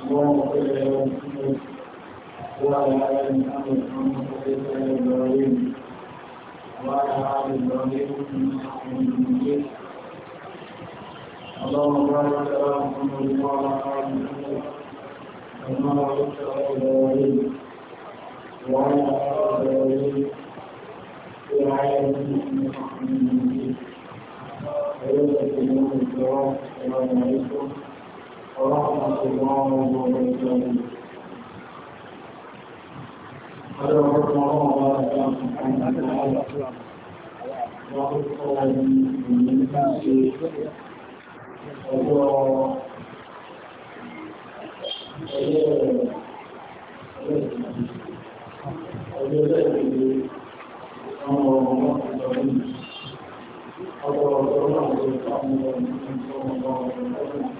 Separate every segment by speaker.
Speaker 1: اللهم صل على محمد وعلى ال محمد كما صليت على ابراهيم وعلى ال ابراهيم انك حميد مجيد اللهم بارك على محمد وعلى ال محمد كما باركت على ابراهيم وعلى ال ابراهيم في العالم انك حميد مجيد أيها الأخوة الكرام
Speaker 2: السلام عليكم ورحمة الله وبركاته قال ربنا الله سبحانه وتعالى وأخرى من الناس
Speaker 1: وهو Thank you.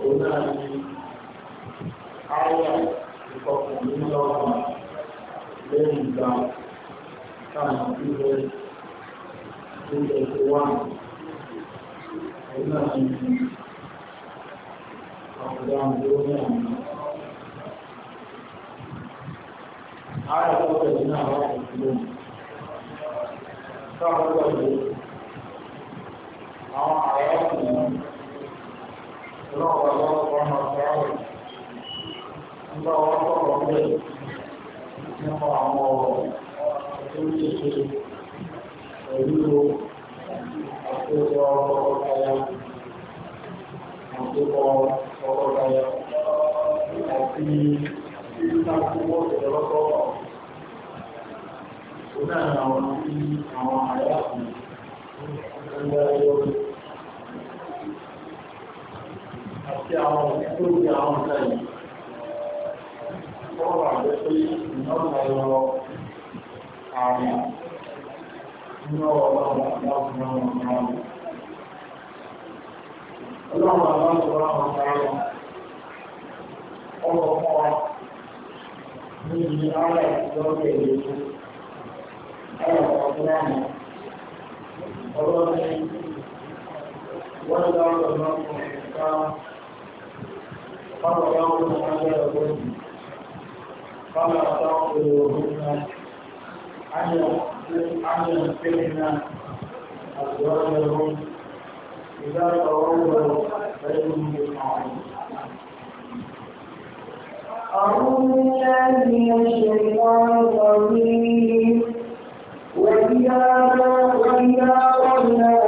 Speaker 2: òun náà ni àwọ̀ ìkọkànlélọ́gbọ̀n lẹ́yìn ìgbà táwọn ìwé ìgbẹ́ tó wà
Speaker 1: òun náà ni àkùdá ìgbóní àmì
Speaker 2: ààrẹ tó tẹ̀lé náà wà pẹ̀lú káwọn pẹ̀lú àwọn ààrẹ ọ̀pọ̀ lọ́wọ́ lọ́wọ́ ọmọ ṣáwẹ̀ lọ́wọ́ sọ̀rọ̀ bẹ́ẹ̀ nípa àwọn ọ̀rọ̀
Speaker 1: tó ń ṣe pẹ̀lú
Speaker 2: àpéjọ ọlọ́kọ̀ọ́kọ̀ọ́yà àpéjọ ọlọ́kọ̀ọ́kọ̀ọ́yà àti ìdákúwọ́ ìdọ́lọ́kọ̀ọ́ Onáà sí àwọn òfin àwọn nǹkan wọ́n wà lé pé ìnáwó ẹ̀rọ ààrẹ ìnáwó ọlọ́run láti náà wọn náà ọlọ́run aláwọ̀ láwọn sáré ọlọ́ fún wa ní ibi ara ìjọba èdè
Speaker 1: ara ọ̀gbọ́n ọlọ́run
Speaker 2: wọ́n dáwọ́ lọ́wọ́ ìjọba فروعون أجلهن فلا تقتلوهن
Speaker 1: أن ينفعن أزواجهن
Speaker 2: إذا تولوا فإنهم بالمعروف أعوذ بالله من الشيطان الرجيم وإذا قلنا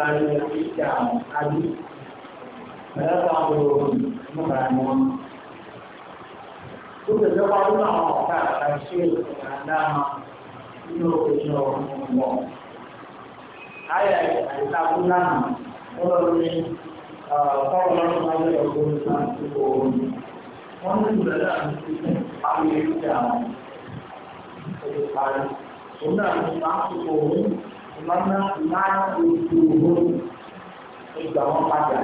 Speaker 2: parí ìjà àbí ẹ̀lẹ́ta àbúrò nípa ẹ̀mọ́. Ó lè jẹ́ parí àwọn ọ̀gá àṣẹ ìdáná nínú òṣèlú ọ̀gbọ̀n. Ayẹ̀ àìsàkú náà ó lọ ní ọ̀pọ̀lọpọ̀ lọ́dún máa ń lọ gbóòrò náà sí òun. Wọ́n ní mọ́nà máa ń ojú owó ìgbà wọn padà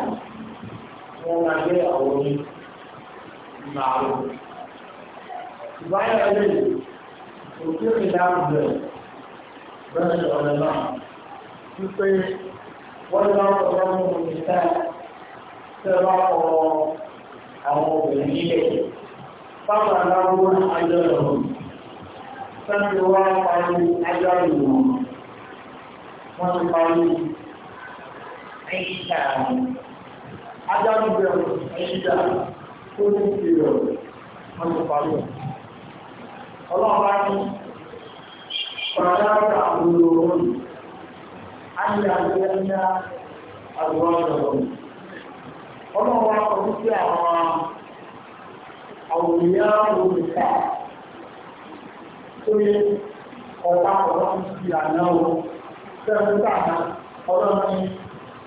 Speaker 2: wọn máa gbé àwọn oní máa lò. Ìbáyọ̀ lè òkè mi dáhùn bẹ̀rẹ̀ bẹ́ẹ̀ ni ọ̀rẹ́ náà wípé wọ́n lọ ọ̀rọ̀ mú mi sẹ́ tẹ́ bá kọ àwọn obìnrin nílẹ̀. Báwo la wọ́n lọ́wọ́? Sẹ́ni wọ́n á parí ajọ́ wọ́n ti parí ẹ̀ṣíkà ajábùbẹ̀ ẹ̀ṣíkà tó ní ìrọ̀ wọ́n ti parí ọlọ́ọ̀bá ní ọ̀rọ̀lọ́pàá àwòrò wọn ayé àgbẹ̀ẹ́yà àgbọ̀rọ̀ ọlọ́wọ́ ọdún sí àwọn àwòrìyá olùkà tó yẹ ọ̀pá ọ̀rọ̀ sí àná wọn sẹ́wọ́n dáná ọlọ́run ní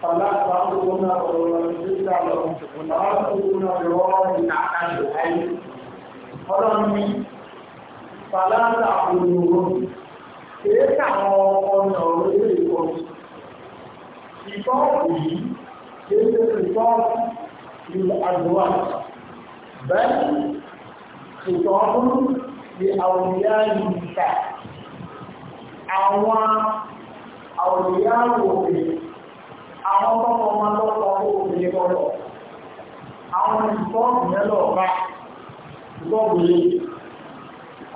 Speaker 2: ọ̀làpá owó náà ọ̀rọ̀ ìdíjà lọ ọ̀làpá owó náà lọ́wọ́ ìnáka lò ayé ọlọ́run ní fàlàlà òyìnbó kìí káwọn ọkọ náà lórí ìkọ́ ìkọ́ yìí kìí ṣe ìkọ́ ìlú àdúrà bẹ́ẹ̀ ìkọ́ ọdún àwọn àwòrìyá òfin àwọn tọ́kọ máa lọ́pọ̀ òfin lọ́lọ́ àwọn ìfọ́ọ̀mù yẹn lọ bá gbọ́gbìlé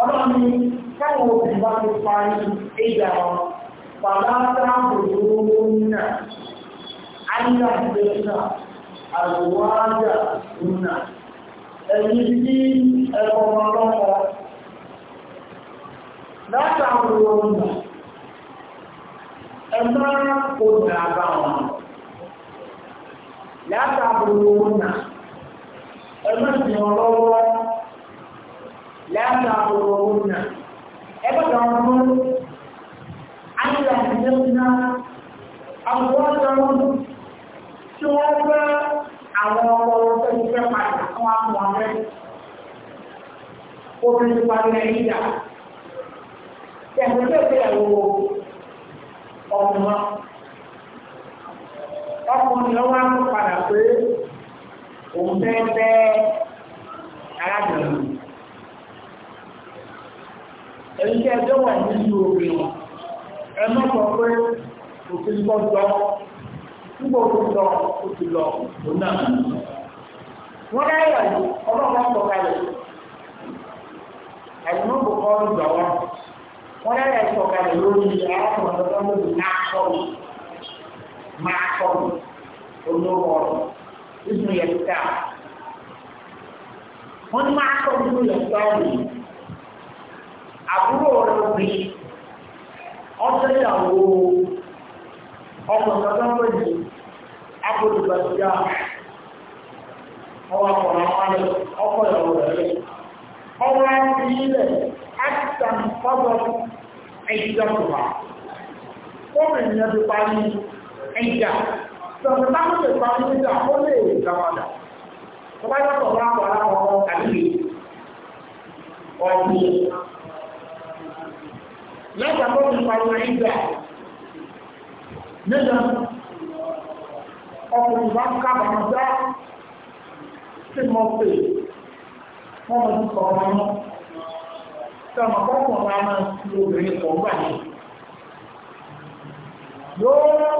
Speaker 2: ọlọ́run ni káwọn òfin bá ti parí ìjà wọn fàlátà òṣòro náà ayíyá ẹ má kó dàbà wọn látàbùrù wọn nà ẹ má jẹ wọn lọ́wọ́ látàbùrù wọn nà ẹ má dà wọn mú àyà ìdẹ́kùnà àwọn ọ̀dọ́ wọn tí wọ́n bá àwọn ọmọ ọ̀dọ́ ìfẹ́ padà obìnrin parí ẹ̀yìn dà tẹ̀sán ọkùnrin ọkùnrin lọ́wọ́ á padà pé òun fẹ́ fẹ́ arábìnrin èyí tí ẹjọ́ wà nínú obìnrin ẹ má sọ pé òfin bọ́ jọ nígbà òfin lọ òfin lọ òun náà wọ́n dá yàrá ọlọ́pàá sọ̀kalẹ̀ àìmọ́ kò kọ́ ọ́ gbà wọ́n dára ìṣọ̀kalẹ̀ lórí arákùnrin ọ̀dọ́ lórí náà sọ̀rọ̀ máa sọ̀rọ̀ olówó ọ̀rọ̀ nínú yẹ̀dúkà. wọ́n ní máa sọ̀rọ̀ nínú yẹ̀dúkà rẹ̀ àbúrò rẹ̀ bí ọjọ́ ìyàwó ọkùnrin ọ̀dọ́ lórí abodùgbàsíyà ọwọ́ akọ̀rọ̀ ọkọ̀ ìyàwó rẹ̀ ọwọ́ fi ilẹ̀ action fọ́bọ̀ ẹ̀jọ́kùnwà fóòmìn yẹn ti parí ẹ̀jà sọ̀rọ̀ táwọn lè parí ẹ̀jà ó lè gbàmọ̀dà tó bá yàtọ̀ bá wà láwọn àlè ọ̀dì lẹ́gbàá tó ti parí ẹ̀jà nígbà ọkùnrin bá ń kábàámọ̀ dá mọ́ pé wọ́n mọ̀ sí náà sọmọ pọ́pọ̀ máa máa fi obìnrin kan gbà ní. yóò ọ̀tọ̀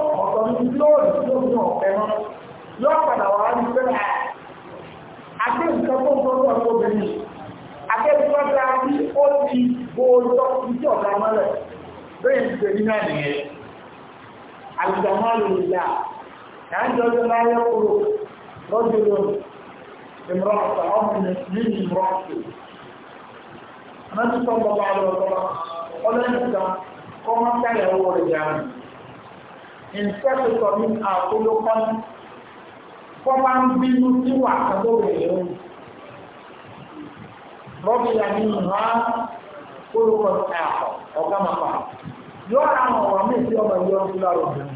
Speaker 2: ní yóò yóò ní ọ̀fẹ́ mọ́ yóò padà wá ní pé àti nǹkan tó ń tọ́jú ọ̀tọ̀ obìnrin akẹ́kọ̀ọ́ ta ní ó ti bo ọjọ́ ìjọ ọ̀gá mọ́lẹ̀ bẹ́ẹ̀ ń pè ní náà nìyẹn. àlùjámọ́ lè là láńjọ́ anábì sọ́gbọ́ bá lọ sọ́gbọ́ ọlọ́nìta kọ́mọ́ káyàwó rẹ̀ yàrá ìfẹ́sọ̀tọ̀ ní àkólókọ́ kọ́mọ́ ń bínú sí wà àtọ́bẹ̀ yẹn rọ́bì yàrá ní ìhà kólókọ́ àkọ́ ọ̀gá màpá yọ àwọn ọ̀rọ̀ mi sí ọmọ ìyọ́ ń fi lárọ̀ bẹ̀rẹ̀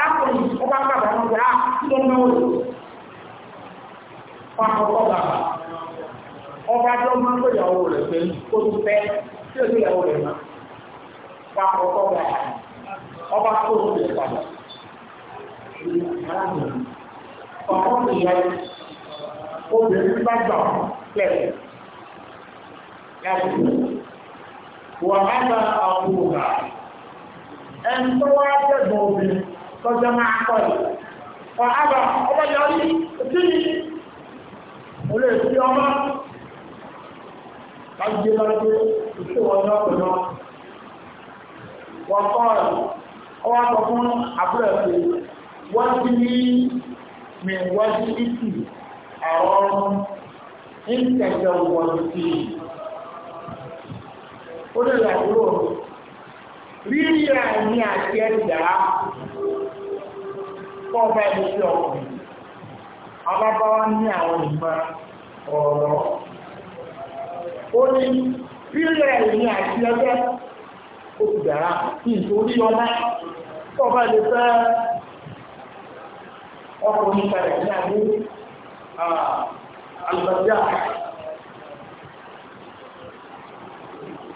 Speaker 2: akọni ọba bàbá ọba tó máa ń pè rẹ̀ pé kó tó fẹ́ tí ó sì ìyàwó rẹ̀ mọ́ pa ọkọ gba ọba tó tó lè padà ọkọ tó yẹ obìnrin bá gbà pẹ̀lú láti wà á gba àbúrò rà ẹni tó wá tẹ̀gbọ́n obìnrin tọ́jọ́ máa kọ́ ẹ̀ wà á gba ọba yọrí sí ni olè fi ọmọ kájé lájé ìṣe wọn ní ọ̀pẹ̀ náà wọ́n kọ́ ẹ̀ ọwọ́ sọ fún àbúrẹ̀ pé wọ́n ti ní mi wọ́n ti ìtì àwọn ìtẹ̀jẹ̀ wọ̀n ti ó lè làwúrò rírí àmì àti ẹ̀dá fọ́ bá ẹni ní àwọn ìgbà ọ̀rọ̀ ó ní rírẹ̀ ìrìn àti ẹgbẹ́ ó ti dára kí ìtorí ọlá ọba lè fẹ́ ọkùnrin kalẹ̀ ní àbú àlùbọ̀dá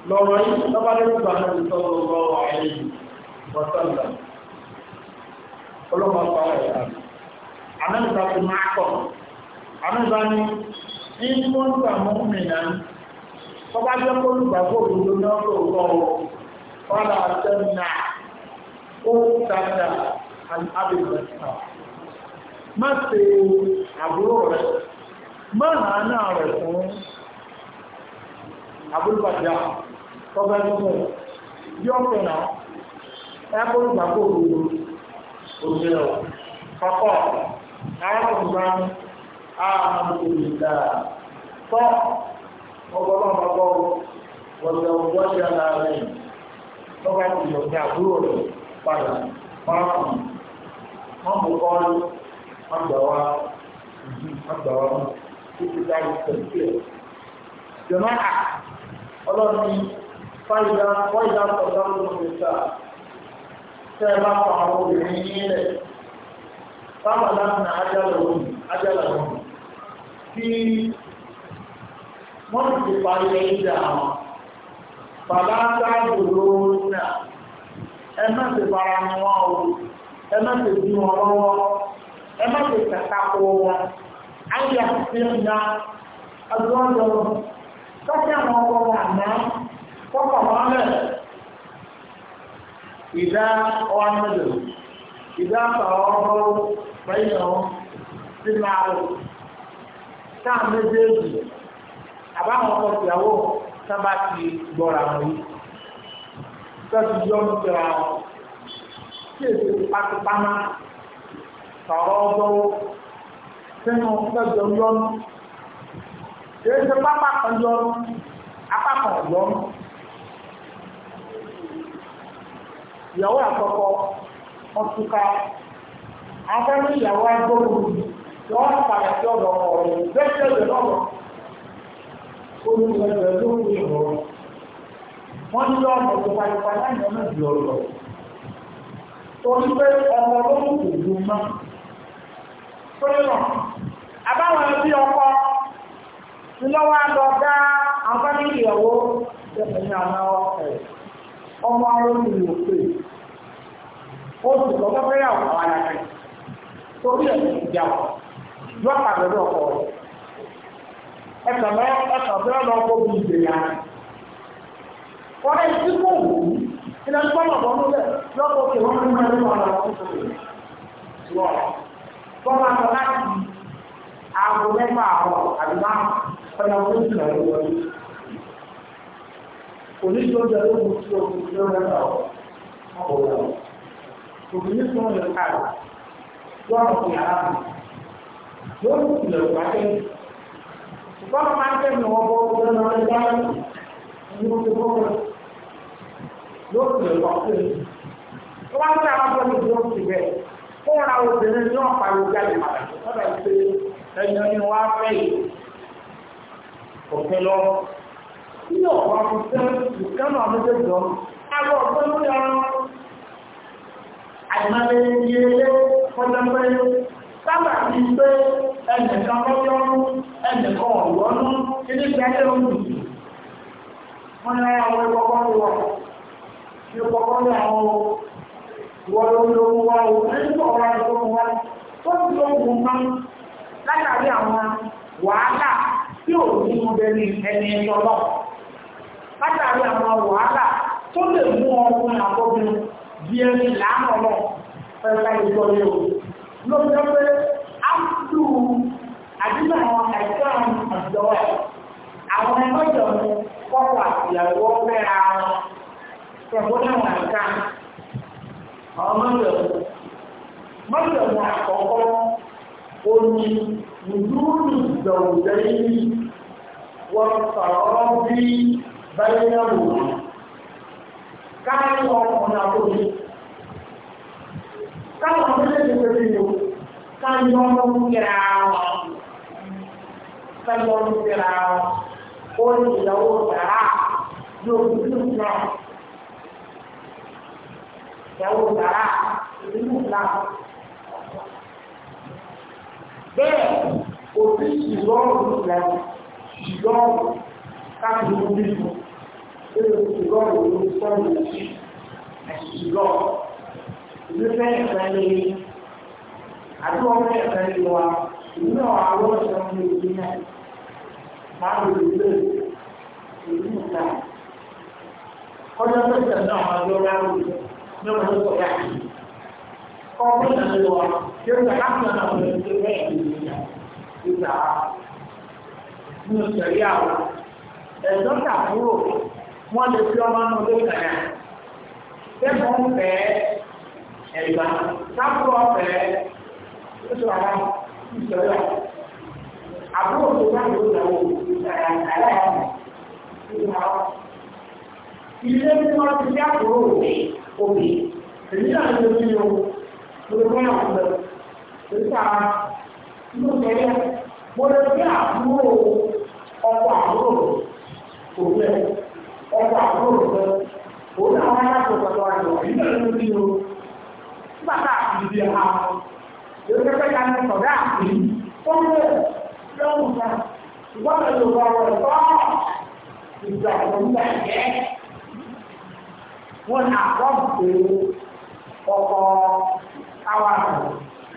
Speaker 2: lọ́rọ̀ yìí lọ́ba lẹ́nu gbàgbọ́ ìtọ́lọ́ lọ́wọ́ àìyí wọ́sánlá ọlọ́pàá pàwọ̀ ẹ̀yà àmẹ́ta ti máa kọ̀ àmẹ́ta ni ìmúntàmúmìnà tọ́ba jẹ́ kó lùgbàgbọ́ òdodo náà lóòótọ́ o fọ́nà àtẹnà ó tàdà àbẹ̀bẹ̀ta má ṣe àbúrò rẹ̀ má hàánà rẹ̀ fún àbúrúbàjá tọ́ba jẹ́ kó yọ fẹ̀nà ẹ kó lùgbàgbọ́ òdodo òdodo kọ́kọ́ àwọn ọ̀gbọ́n àwọn ọ̀gbọ́n ìlà tọ́ ọgbọ́n bá bọ́ wọlé ọgbọ́n ṣe ara rẹ̀ lọ́gbà tí yọ̀ ní àbúrò rẹ̀ padà fáwọn wọn mú bọ́ọ̀lù agbàwá agbàwá títí láì tẹ̀sí ẹ̀. jọ̀mọ́ à ọlọ́run fáìlà fáìlà tọ̀dá ló ń ta bá pa wọ́n ti parí ẹ̀yídà wọn bàbá sáàbùrò náà ẹ má ti fara ni wọn o ẹ má ti bí wọn lọ́wọ́ ẹ má ti kàkà kó wọn ayé àti ẹ̀yà agbọ́dọ̀ kọ́kẹ́ àwọn ọkọ̀ wà náà kọ́kọ̀ wọn lẹ̀ ìdá ọ̀hánmẹ́lẹ̀ ìdá àtàwọn ọ̀rọ̀ bẹ́yìn ọ̀hún sí máa rò méjèèjì àbáwọn ọkọ ìyàwó sábà ti gbọ́ra wọn yìí tọ́sí yọ ń jọra wọn tí èsì pátápátá sọ̀rọ̀ ọgbọ́wọ́ sínú lọ́jọ́ yọnu kì í ṣe pápá kan yọnu apá kan yọnu ìyàwó àkọ́kọ́ wọn túká afẹ́rú ìyàwó agbóhùn wọn padà sí ọ̀dọ̀ ọ̀rọ̀ ìgbésẹ̀ ìdọ̀lọ́rọ̀ olùgbẹ̀gbẹ̀ ló ń rí ọ̀rọ̀ wọ́n ní ọ̀nà tó paripa láì ọ̀nà ìlú ọ̀rọ̀ torí pé ọmọ olóhùn kò dùn mọ́ fúnlọ̀ àbáwọn ẹbí ọkọ ńlọ́wọ́ lọ dá àwọn ìyàwó ìjọba ní àwọn ọmọ olóhùn ìlú pé ó sì lọ́wọ́ fẹ́yàwó àwọn alákẹ́ torí ẹ̀ ìjà lọ́pàá lọ́dọ̀ ọkọ rẹ̀ ẹ̀kà lọ ẹ̀kà fẹ́ lọ bó bí ìgbè yá. Wọ́n lè ti kó wù ú, ilẹ̀ ń gbọ́dọ̀ bọ́ nílẹ̀ lọ́pọ̀ kí wọ́n máa ń lọ àwọn ọ̀ṣọ́ Wọ́n máa sọ láti aago mẹ́fà àbọ̀ àbí máa ọ̀nà owó ìgbà lọ́wọ́. Oníṣòjọ́ ló mú sí omi tí ó mẹ́fà ọ̀pọ̀ Obìnrin tó ń lọ káàdì, yóò rọ̀ sí aráàlú, yóò sì lọ pàtẹ́yìn. Bọ́lá máa ń tẹ̀lé wọn bọ́ ọdún náà ní báyìí. Ní wọ́n ti bọ́ wọn. Yóò fi lè wọ́n fún mi. Ó wá ń tẹ àwọn bọ́ọ̀lù tó ń ti bẹ̀. ra obìnrin ní ọ̀pá ìwé jáde pàtàkì. Sọ́dọ̀ ìpè ẹ̀yàn ni wọ́n á fẹ́ yìí. Òfin lọ. Ní ọ̀pọ̀ àfisẹ́ ìkánná àmójẹ́jọ́, àwọn ọ̀gbọ́n ló yára. Àìmọ̀lẹ́ iye ilé, ọjọ́ pé, sábà ti pé ẹnìkan lọ́yọ́nú ẹnìkan ọ̀yọ́nú ilé ìgbẹ́jẹ́ òun wọ́n ní àwọn ìgbọ́gbọ́ ní wọ́n ní ìgbọ́gbọ́ ní àwọn wọ́n lórí ohun wá o ẹni tó ọ̀rọ̀ ìgbọ́gbọ́ wá tó ń tó ohun máa látàrí àwọn wàhálà tí ò ní mú bẹ ní ẹni ẹjọ́ lọ látàrí àwọn wàhálà tó lè mú ọkùnrin àkọ́bìnrin di ẹni làánà lọ pẹ̀lú ìjọ yẹn o lóbi áàpù àdúgbò àwọn ẹ̀tọ́ àwọn ọ̀dọ́ ẹ̀ àwọn ẹgbẹ́jọ ní kọ́kọ́ àtìyàwó mẹ́ra wọn pẹ̀lú àwọn àǹkà ọmọ mọ́jọ mọ́jọ ní àkọ́kọ́ omi nùdúrú ìjọ̀wọ̀dẹ́ yìí wọ́n sọ̀rọ̀ bí báyìí náà wò wọ́n káàkiri ọkùnrin àkókò káàkiri ọkùnrin àkókò Caiu grau. Caiu grau. Hoje a outra do Bruno. É outra do Bem, o bicho longo, né? Longo, cabe no bicho. Eu o sei longo, eu não sei longo. Mas longo. Eu não sei longo. àti wọn fẹ́ ẹ̀fẹ́ ní wa ìlú àwọn ọ̀sán ní ìlú náà máa ń lò lè ìlú náà ọjọ́ pẹ̀sẹ̀ náà máa lọ ráwọ̀ ní ọmọ tó sọ̀rọ̀ àti ọmọ náà lọ wa kí ó sọ àpò náà wọlé ní ìlú náà ìlú náà ìgbà ní ìṣẹ̀rí àwọn ẹ̀dọ́ tàbúrò wọ́n lè fi ọmọ náà lókè náà kẹ́kọ̀ọ́ fẹ́ ẹ̀gbà sábúrò fẹ́ ó ti wà láyé ìṣòro àbúrò tó bá yóò dáwọ́ aláìsàn ilé tí wọ́n ti dá kúrò òbí èyí náà ló ní o lórí wọn náà lọ nípa inú tẹ́lẹ̀ mo lọ sí àbúrò ọkọ̀ àbúrò òbí ọkọ̀ àbúrò rẹ òun náà wọn yàtọ̀ pẹ̀lú àjọ èyí náà ló ní o nígbà tá a fi di àwọn. 有的在干的手上，都是扔的，忘了有包我的包，你叫我感觉，我哪光不包包阿哇，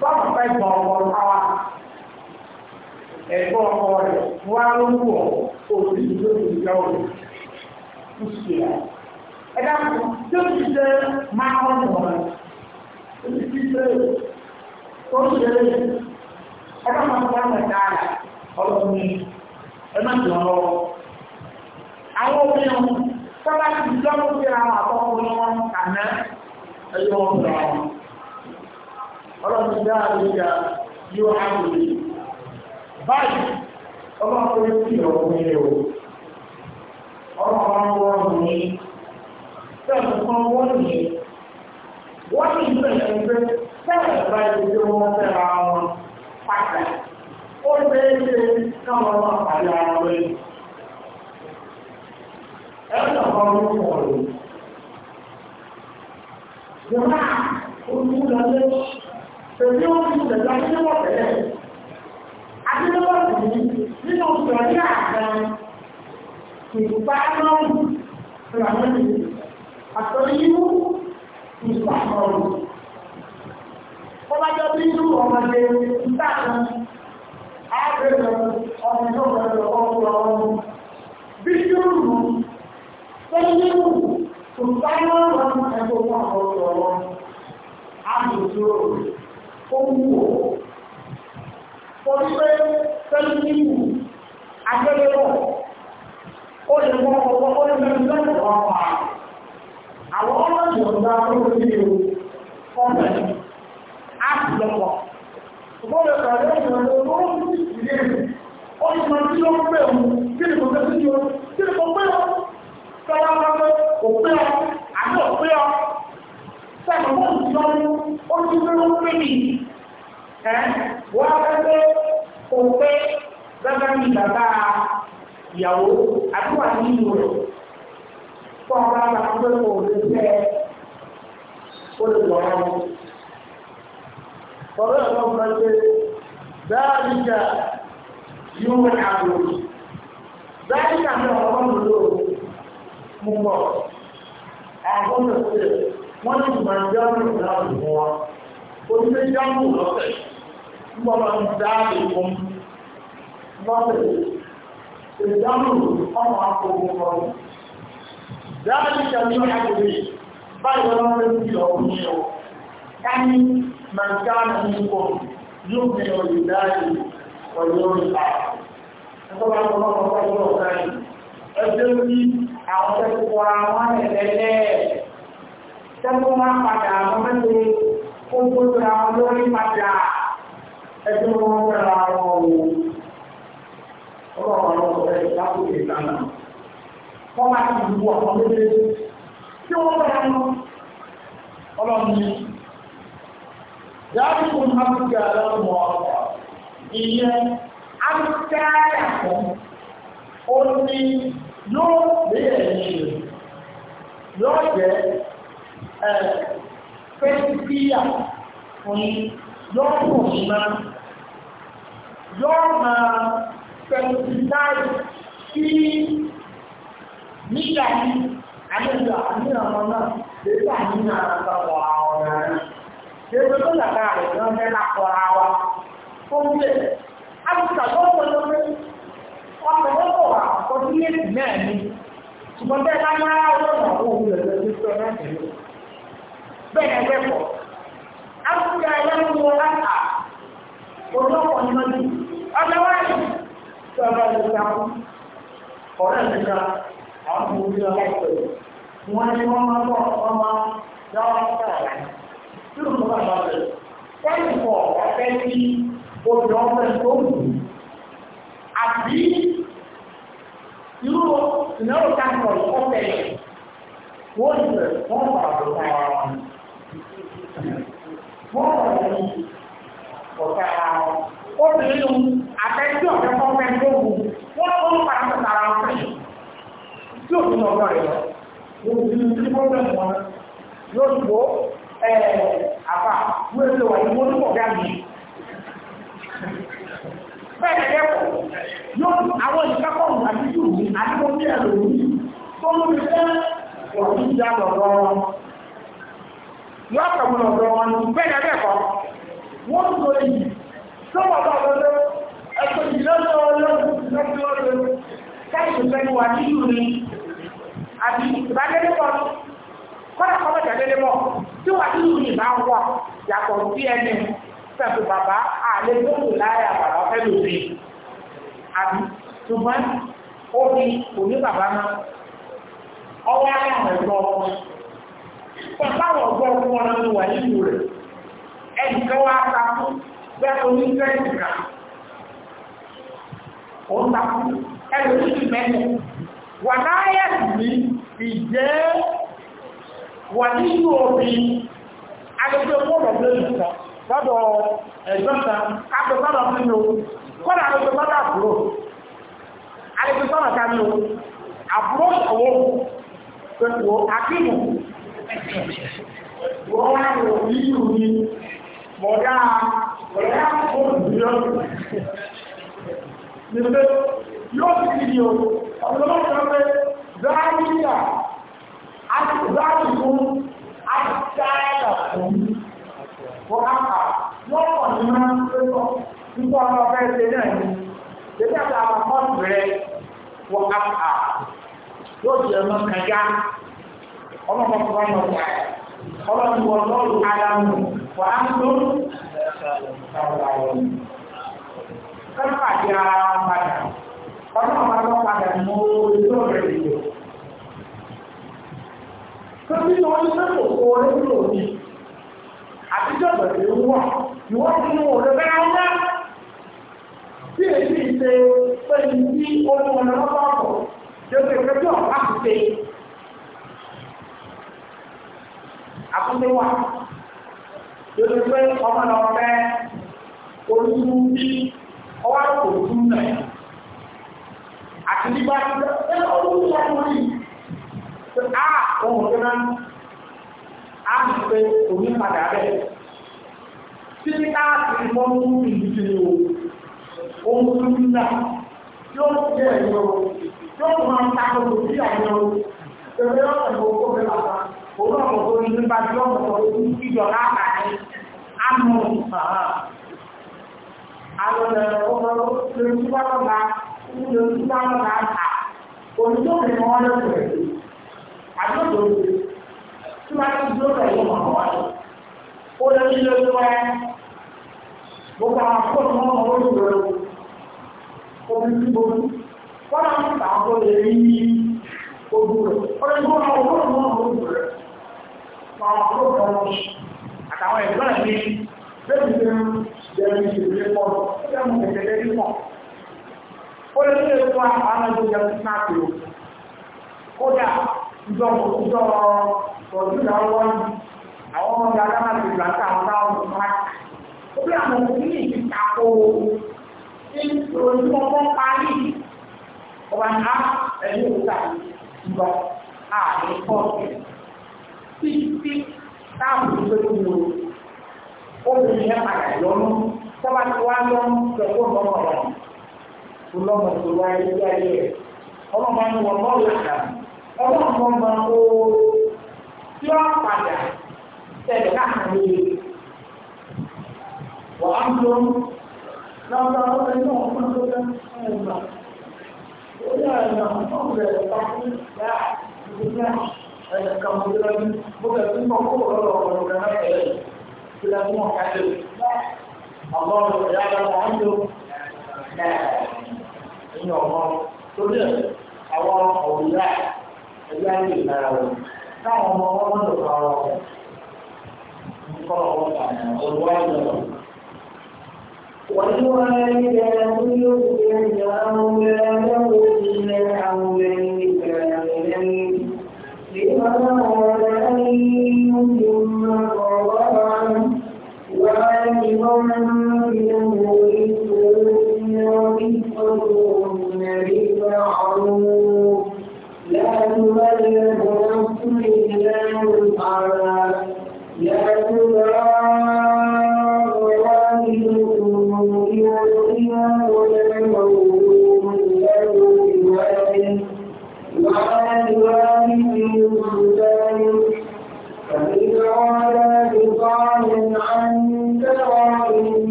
Speaker 2: 包不带包包阿哇，哎包包的，我路过，我自己就比较不写，哎，但就是这马好什么，就是这。tó ń ṣe lé ọba máa ń bá wọn dára ọlọ́run ní ẹ má jọ lọ. àwọn obìnrin sábà ti dọ́rọ̀ sí àwọn àkọ́kọ́ ní wọn àná ẹyọ wọn lọ. ọlọ́run dá àlejò yóò há lórí. kan wọ́n mi. wọ́n mi ń bẹ̀rẹ̀ sẹ́yìn ìgbà ìdílé wọn fẹ́ra bọ́bá jọ bí ní ọmọdé ìtàkùn ààbẹ̀rẹ̀ ọmọ ìjọba ọmọ ọmọ bí i rú tẹ́lẹ̀ rú tó sáyọ́ ọmọ ẹgbẹ́ ọmọ ọmọ àmìjọ owó torí pé tẹ́lẹ̀ rú agbẹ́lẹ́wọ̀ ó lè mọ́ ọwọ́ ó lè mẹ́rin lọ́wọ́ àwọn ọmọ ìjọba ó lè rí ọmọ ìjọba áàpù lọ́pọ̀. Ìgbọ́dọ̀ pàdé ìrìnàjò olóró ní ìdílé rẹ̀. Ó ní kan tí ó ń pè òun, kí ni kò fẹ́ sí ọ, kí ni kò pé ọ. Sọ́wọ́ pẹ́ kò pé ọ, àbí ò pé ọ. Sọ́wọ́ pẹ́ kò sí ọdún, ó ti pé ó pé mi. Ẹ wọ́n á fẹ́ pé kò pé gẹ́gẹ́ bí bàbá ìyàwó àti wà ní ìlú rẹ̀. Fọ́nrán àwọn pé kò lè fẹ́ olùdókòwò ọ̀rọ̀ ẹ̀rọ ń bẹ dáríkà yóò wẹ̀ àbò dáríkà ní ọ̀rọ̀ ń lò mú pọ̀ àwọn ọ̀sẹ̀ wọ́n ti máa ń jẹ́ ọ̀rọ̀ ìlànà wọn onílé jáàmù lọ́sẹ̀ ń bọ́ máa ń dáàbò fún lọ́sẹ̀ ìdáàbò ọmọ akọ̀wé ọ̀rọ̀ dáríkà ní ọ̀rọ̀ àbò báyìí wọ́n ń bí ọ̀rọ̀ yẹn o من كان منكم يؤمن بالله واليوم الآخر ẹgbẹ́ àwọn ọmọ ọmọ ọmọ ọ̀gá yìí ẹgbẹ́ ní àwọn ẹ̀kọ́ àwọn ẹ̀lẹ́lẹ́ tẹ́kọ́ máa padà àwọn mẹ́tẹ́ ó gbójú àwọn lórí padà ẹgbẹ́ wọn fẹ́ra àwọn ohun ọmọ ọmọ ọ̀gá yìí lápòkè ìlànà wọ́n máa ti dùn ọ̀pọ̀ méjèèjì tí wọ́n fẹ́ra wọn ọlọ́run dáríkùn áfíríkà lọ́wọ́ ọ̀pọ̀ ìyẹn áfíríkà yàtọ̀ ó ní yóò gbé ẹ̀yìn rẹ̀ yóò jẹ́ ẹ̀ fẹ́síkíyà fún yóò pọ̀ níná yóò máa fẹ́síkáì sí nígbà yìí àti ìgbà àmì àwọn náà lè gbà nínú àwọn àwọn ọ̀rẹ́ rẹ̀ ṣètò tó làkà rẹ̀ náà fẹ́ lakọ̀ra wa tó ń bẹ̀. Àbùkà tó ń pẹ̀lú pé ọkọ̀ náà ni. Ṣùgbọ́n bẹ́ẹ̀ bá ń òun rẹ̀ lọ sí ọjọ́ náà Bẹ́ẹ̀ ẹgbẹ́ pọ̀. Àbùkà ti tí ó sọ máa bàbẹ̀ fẹ́ẹ̀kì pọ̀ ọ̀fẹ́ sí ojú ọ̀fẹ́ tó wù àbí irú ìnáwó káńtọ̀ ọ̀fẹ́ wọ́n jẹ́ wọ́n bàbẹ̀ sára wọn wọ́n bàbẹ̀ ọ̀tá obìnrin ohun àtẹ́sí ọ̀fẹ́ fọ́fẹ́ tó wù wọ́n tó ń pa àwọn sára wọn tí òfin ọ̀gá rẹ̀ lọ Yóò fi ní ọgbẹ́ wọn, yóò gbó àbá wọ́n lè wà ní wọ́n ní ọ̀gá mi bẹ́ẹ̀ kẹ́kọ̀ọ́ yóò àwọn ìkápọ̀ àti jù mí àti mo bí ẹ̀rọ mi tó ló fi fẹ́ wọ̀ ní ìjà lọ́rọ́ wọn yóò kàwọn lọ́rọ́ wọn ní bẹ́ẹ̀ bẹ́ẹ̀ kọ́ wọ́n tó yìí tó wà lọ́rọ́ lọ ẹ̀kọ́ ìlọ́sọ̀ lọ́rọ́ lọ́rọ́ kọ́dà kọ́ bẹ̀rẹ̀ lélẹ̀ mọ́ tí wàá nínú yìí bá wà yàtọ̀ sí ẹni sẹ̀kù bàbá àlẹ́ lóko láyà bàbá fẹ́ lòdì àbí ṣùgbọ́n ó fi òní bàbá náà ọwọ́ ayé àwọn ẹ̀gbọ́n ọmọ bàbá àwọn ọgbọ́n ọmọ náà ló wà nínú rẹ̀ ẹnìkan wá ta fún bẹ́ẹ̀ oní fẹ́ẹ̀sì kan ó ta fún ẹlòmíì mẹ́lẹ̀ wà náà yẹ̀ sí ìjẹ́ wà nínú òfin agbègbè pọ́lọ̀ lórí kan lọ́dọ̀ ẹ̀gbọ́ta agbègbọ́nà nínú kọ́nà agbègbọ́nà àbúrò agbègbọ́nà kanú àbúrò ìyàwó pẹ̀lú akíwù wọ́n wá wọ̀ yíyù ní mọ̀dá ọ̀rẹ́ àkókò yóò ti di o ọ̀pọ̀lọpọ̀ ọ̀pẹ́ dáríyà àtìgbàdùn àtìgbàdùn wọ́n kápá wọ́n pọ̀ ní máa ń pé kọ́ nípa ọmọ ọ̀fẹ́ ṣe náà ni ṣètò àti àwọn ọmọdé rẹ̀ wọ́n kápá yóò ṣe ọmọ kẹjá ọmọ kọkọrọ ní ọjà ọmọ tí wọ́n lọ́ọ̀lù adamu wọ́n á ń tó kápá àti ara padà ọmọ orí tó rẹ̀ lè lò. Sẹ́bí ni wọ́n ṣe kò fún ọ lórí òní. Àtijọ́ bẹ̀rẹ̀ ń wà. Ìwọ́n ti mú ọ̀rẹ́ bẹ́ẹ̀ ń bá. Bí èyí ṣe pẹ̀lú tí ó mú ọ̀nà lọ́pọ̀ ṣẹ́gbẹ̀ kẹjọ́ àkùté. Àkùté wà. Lórí pé ọmọ lọ fẹ́ olúkú bí ọwọ́ kò tún náà. Àti nígbà tí ó ń bá lórí Ah, pé á ohun tó náà á ti pé òní padà rẹ̀ títí káàkiri mọ́ ní ìdíje o ohun tó ní náà yóò jẹ́ ẹ̀yọ́ yóò máa ta gbogbo sí àyẹ̀wò ẹgbẹ́ ọ̀sẹ̀ gbogbo rẹ̀ bàbá òun ọ̀pọ̀ tó ní nípa tí wọ́n mọ̀ ojú ìjọ láàárín àmọ́ àwọn ọmọ lórí tí wọ́n lọ́gbà lórí tí wọ́n lọ́gbà àtà òun tó rẹ̀ wọ́n lọ́gbà àdókòwò tí wọ́n ti dúró rẹ̀ yóò máa wá lọ. ó lọ sí lórí wá gbogbo àwọn akọ́nù wọn máa wọ́n lò lọ omi tí gbogbo wọ́n máa ń ta àwọn lè rí ojú rẹ̀ wọ́n lè gbogbo àwọn akọ́nù wọn máa wọ́n lò rẹ̀ máa kó kan lọ àtàwọn ẹ̀gbọ́n rẹ̀ ní bẹ́ẹ̀ ni bẹ́ẹ̀ ni ìṣèlú pọ̀ ó yẹ mú kẹ̀kẹ́ lé pọ̀ ó lè sí lórí wá àwọn ẹgbẹ́ yẹn ti máa kúrò kódà ìjọ ìjọ ọ̀dún ìdáwọ́ wọn àwọn ọmọ ìyá náà ti gbà sí àwọn táwọn ọmọ máa ó bí àwọn ọmọ ní ìdí tako ìròyìn ọmọ parí ọba náà ah, ẹ̀yìn òkúta ìgbà ààrẹ ah, pọ́ọ̀tì títí táàbù tó ti lò obìnrin yẹn padà lọ́nù sábà tí wàá lọ́nù pẹ̀lú ọmọ ọ̀rọ̀ ọlọ́mọ tó wáyé wáyé ọlọ́mọ ni wọ́n lọ́ọ̀lá kàmù ọlọ́mọ ọmọ ooo tí ó padà tẹ̀lé káàkiri wà á ń lọ lọ́wọ́ ọ̀rẹ́ náà wọ́n tó bẹ́ ẹ̀mà ó yà ẹ̀mà wọ́n bẹ̀rẹ̀ pàtó yá ìdílé ẹ̀yà kan tó lọ ní bó bẹ̀ fún mọ́ àwọn ọ̀rọ̀ ìyá àwọn ọ̀rọ̀ ìyá ẹ̀yà ayé ìlara wọn káwọn ọmọ wọn lọ́dọ̀ kan ọ̀rọ̀ ọ̀rọ̀ nǹkan ọ̀rọ̀ kàná olùwà ìjọba. والوالدات يؤتين أولادهن حولين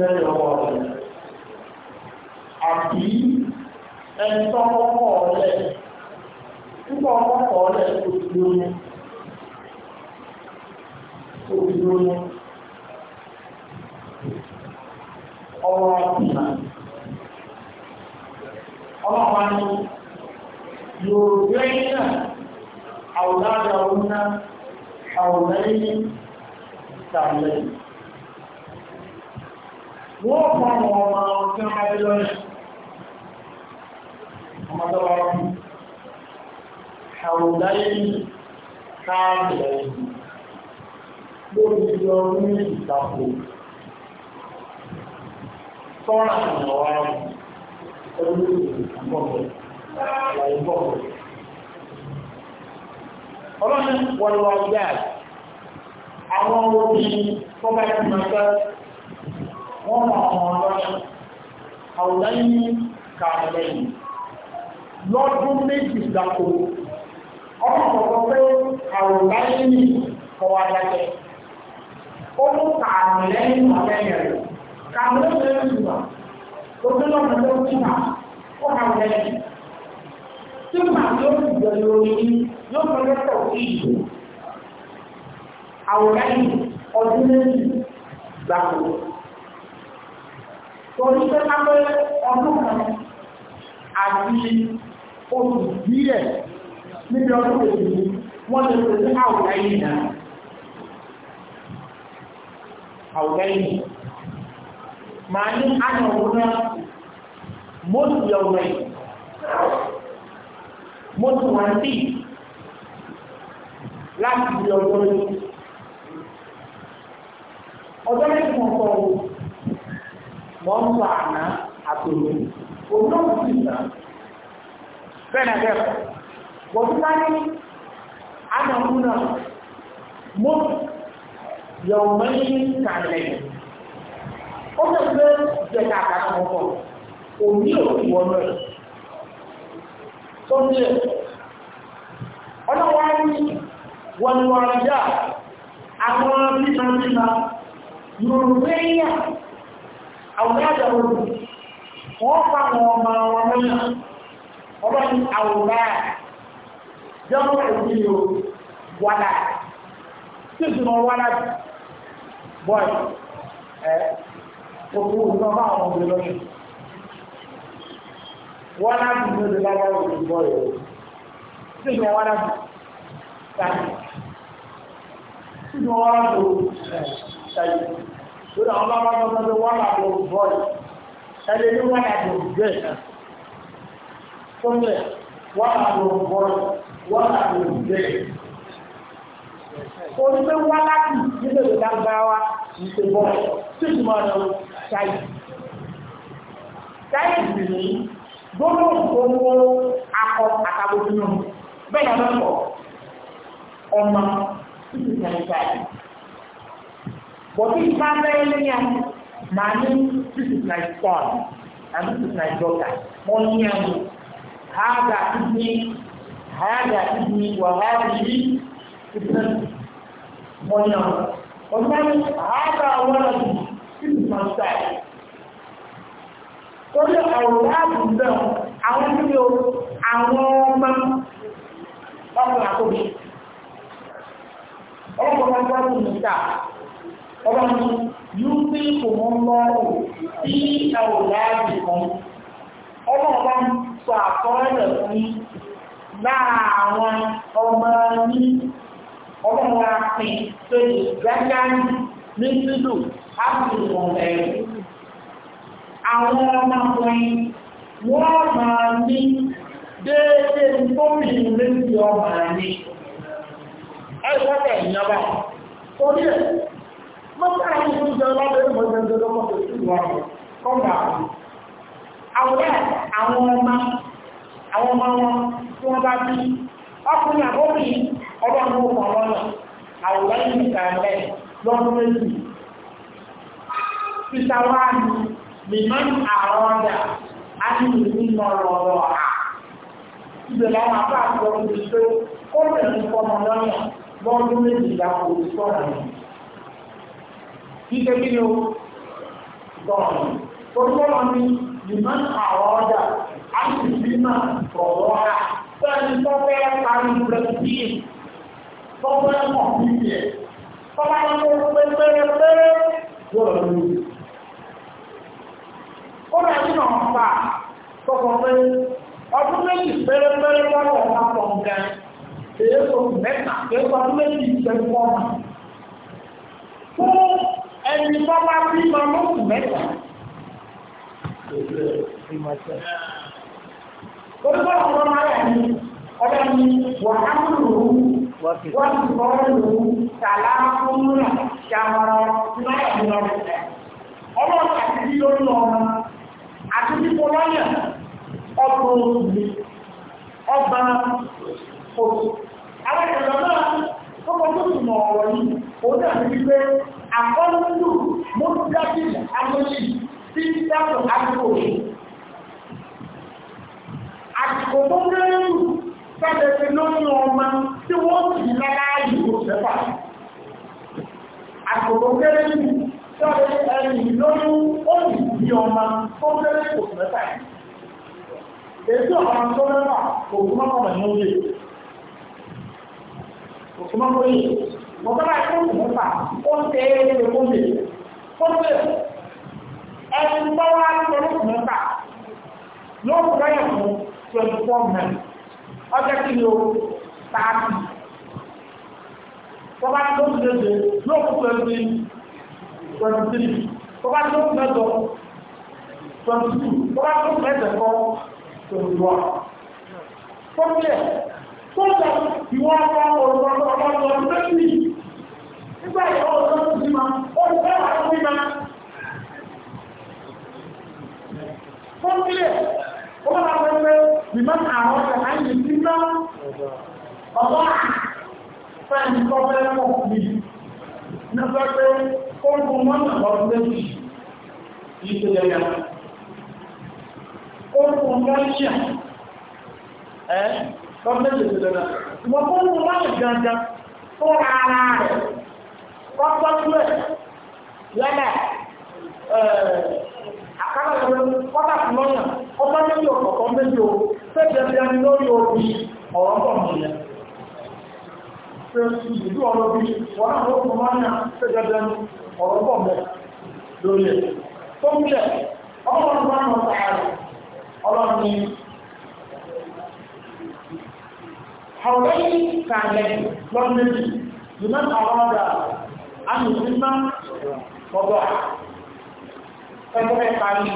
Speaker 2: bẹ́ẹ̀ ọwọ́ rẹ̀ àbí ẹni tọ́kọ́kọ́ rẹ̀ púpọ̀ ọkọ̀ rẹ̀ òdìlóyún òdìlóyún ọwọ́ àbìnà ọlọ́pàá ni yorùbá iná àwòrán àwọn ọ̀nà àwòrán ẹ̀yìn tàbí ẹ̀yìn wọ́n fọ́ ọmọ ọmọ tí wọ́n bá dé lọ́rẹ̀ ọmọdọ́wọ́ àwòdáyìn káàbẹ̀ lórí ìjọ ní ìtàkù tọ́rà ìwọ̀n ọ̀rọ̀ ẹgbẹ́ ìgbọ̀gbọ̀ ìgbọ̀gbọ̀ ọlọ́run wọ́n lọ gbáà àwọn orí tọ́bá ìgbọ̀gbọ̀ wọ́n mọ̀ àwọn ọlọ́ṣà àwòlẹ́yìn kààlẹ́yìn lọ́dún méjì gbàkó ọmọ ọ̀pọ̀ pé àwòlẹ́yìn kọwàá dájẹ́ ó mú kààlẹ́yìn ọ̀lẹ́yìn rẹ̀ kààlẹ́yìn rẹ̀ jùlọ tó gbé lọ́nà tó kí mà ó kààlẹ́yìn tí mà yóò sì bẹ̀rẹ̀ orí yóò fẹ́ lẹ́tọ̀ sí ìlú àwòlẹ́yìn ọdún méjì gbàkó torí pé kápẹ́ ọdún kan àti oṣù bílẹ̀ níbi ọdún òṣèlú wọ́n lè pè ní àwòrán náà àwòrán máa ní àyàwòrán mọ́tò yọ̀wẹ̀ mọ́tò wọn sí láti bí ọdún ọdún ẹ̀kọ́ ọ̀pọ̀ mọ́tò àná àtòlù olóòtú ìgbà bẹ́ẹ̀ náà bẹ́ẹ̀ bọ̀ tó bá ní àdàmú náà mọ́ yọ̀ọ̀ mẹ́rin kàlẹ̀ ó fẹ́ fẹ́ jẹta àkàtà ọkọ̀ òní òkú wọnú ẹ̀ tó ń jẹ ọlọ́wọ́ ní wọnúwọ̀n ìjà àwọn bímọ bímọ Yorùbá àwòrán wọ́n fà wọn ọmọ wọn mọ́nà ọba ní àwòrán jẹ́mọ́ òbí o wàlá tí ìsúná wàlá bọ́ọ̀lù ẹ̀ òkú òkú ọba àwọn ọmọ ìlọ́sùn wọ́n á dùn lóde lágbára òkú bọ́ọ̀lù tí ìsúná wàlá tàbí tí ìsúná wàlá sódà wọn bá bá bá bá bá wà lábọ bọyì ẹni ní wà lábọ bẹ́ẹ̀ fúnlẹ wà lábọ bọyì wà lábọ bẹ́ẹ̀. Orí pé wá láti nílé ìlú lágbára ìpè bọ̀ tí ìgbìmọ̀ rẹ̀ ṣáì. Ṣáì ìgbìmọ̀ yìí gbọ́dọ̀ gbogbo akọ àtàbójúmọ̀ bẹ́ẹ̀ ni wọ́n kọ̀ ọmọ títí ṣáì ṣáì. But if Father Elian, Manu, this is my son, and this is my daughter, Onyam, Hada Ibni, Hada Ibni, Wahada Ibni, this is Onyam. Onyam, Hada Wahada this is my son. Torí ọ̀rọ̀ láàbù náà, àwọn tí ó àwọn ọmọ ọkùnrin àkóbí. Ọkùnrin àkóbí ní sáà. ọba ní yóò tí kò mọ́ lọ́rùn tí ẹ ò láàbì kan ọba ọba ń sọ àkọọ́lẹ̀ fún láàwọn ọmọ ní ọba wa pín tó lè gbájáàmì ní sílù ápùlùmọ̀ ẹ̀rù àwọn ọmọkùnrin wọ́n máa ní déédéé gómìnà lórí ọmọ ní ẹ̀rọ ìjọba torí ẹ̀ mọ́tàrà yìí ń jẹ ọlọ́dún mọ́ jẹ́ ọlọ́mọ tó sì wọ́n rẹ̀ kọ́ńdà àwọn àwọn ọmọ àwọn ọmọ wọn tí wọ́n bá bí ọkùnrin àbóbí ọdọ́ àwọn ọmọ ọlọ́nà àwòrán yìí nìkan rẹ̀ lọ́dún méjì títà wá ní mìíràn àwọn ọjà á ní ìlú nọ̀rọ̀ à ìbẹ̀ láwọn apá àti ọkùnrin tó kó bẹ̀rẹ̀ fọmọ lọ́nà lọ́dún méjì ìdáwó ìfọ̀rọ̀ yìí kíkẹ́ kí ni ó bọ̀ọ̀lù orúkọ wọn ni ìmọ̀ àwọ̀ọ́dà àtìsímà bọ̀wọ́ra fẹ́ni tó fẹ́ parí brexit tó fẹ́ mọ̀ níbi ẹ̀ tó bá yẹ kó pé pérépéré yóò lù ó rẹ̀ nínú ọ̀pá tó kọ pé ọdún méjì pérépéré lọ́wọ́ ọ̀pá pọ̀ èyí tó mẹ́ta kéwàá méjì ìṣẹ́gbọ́n fún ẹni tó bá bí ma mọ́kù mẹ́ta. Olúkọ́ ọ̀rọ̀ máa rẹ̀ ní ọ̀rẹ́ mi wà á lòó wọ́n ti bọ́ lòó tààlà fúnra ṣàmọ̀rọ̀ náà lọ rẹ̀. Ọmọ àti bí ó lọ àti bí mo lọ́yẹ̀ ọkọ̀ òbí ọba òbí. Àwọn ìrọ̀lọ́ náà tó kọjú ìmọ̀ ọ̀rọ̀ yìí, òun náà ti gbé àkọ́lùkù mọ́tíláṣí agbóṣì tí dáàbò àdúgbò rẹ̀. Àsìkò tó léèrú sábẹ̀ fi lóyún ọmọ tí wọ́n sì ní láláàyè òṣèpà. Àsìkò tó léèrú sábẹ̀ ẹni lóyún ó sì di ọmọ tó léèrú òṣèpà. Èsì ọ̀rọ̀ tó lẹ́fà kò túnmọ́ kọ̀ọ̀mọ̀ ní oúnjẹ. Kò túnmọ́ kọ̀ọ̀mọ̀ 我刚才说什么法？我谁那个东西，不是，哎，你包啊，你说什么法？有什么样子就是我们，而且是有打底。我把东西就是若不分析，分析，我把东西那种分析，我把东西那种分析，分析，分析，你我讲我我我我分析。nígbà ìyàwó ọ̀sán tó ti ma ó ń fẹ́ wà fún ìgbà fún kílẹ̀ ó wà láwọn ẹgbẹ́ ìmọ̀ àwọn ọ̀sẹ̀ àyè sí ná ọ̀wọ́ fẹ́ẹ̀ni tó fẹ́ pọ̀ sí nígbà pé ó ń fún wọn náà lọ́dún méjì yìí tó yẹ yàrá ó ń fún wọn yà ẹ́ lọ́dún méjì tó yẹ yàrá ìwọ̀n fún wọn yà gángan fún ara rẹ̀ kọ́tọ́túwẹ̀ yálà àkàràwọ̀ pọ́tàkì lọ́nà ọba méjì ọ̀kọ̀ọ̀kọ́ méjì o fẹ́jẹ̀ bí ẹni lórí orí ọ̀rọ̀ pọ̀ nìyẹn ìlú ọ̀rọ̀ bí wọ́n náà ló fún mọ́nà fẹ́jẹ̀ bí ẹni ọ̀rọ̀ pọ̀ mẹ́ lórí ẹ̀ tó ń jẹ́ ọlọ́run bá nà sàárè ọlọ́run ni àwọn ẹ̀yìn kàlẹ̀ lọ́nà méjì ìmọ̀ àwọn ọ̀dà amùsùnmá ọ̀dọ́ à ẹgbẹ́ bẹ́ẹ̀ parí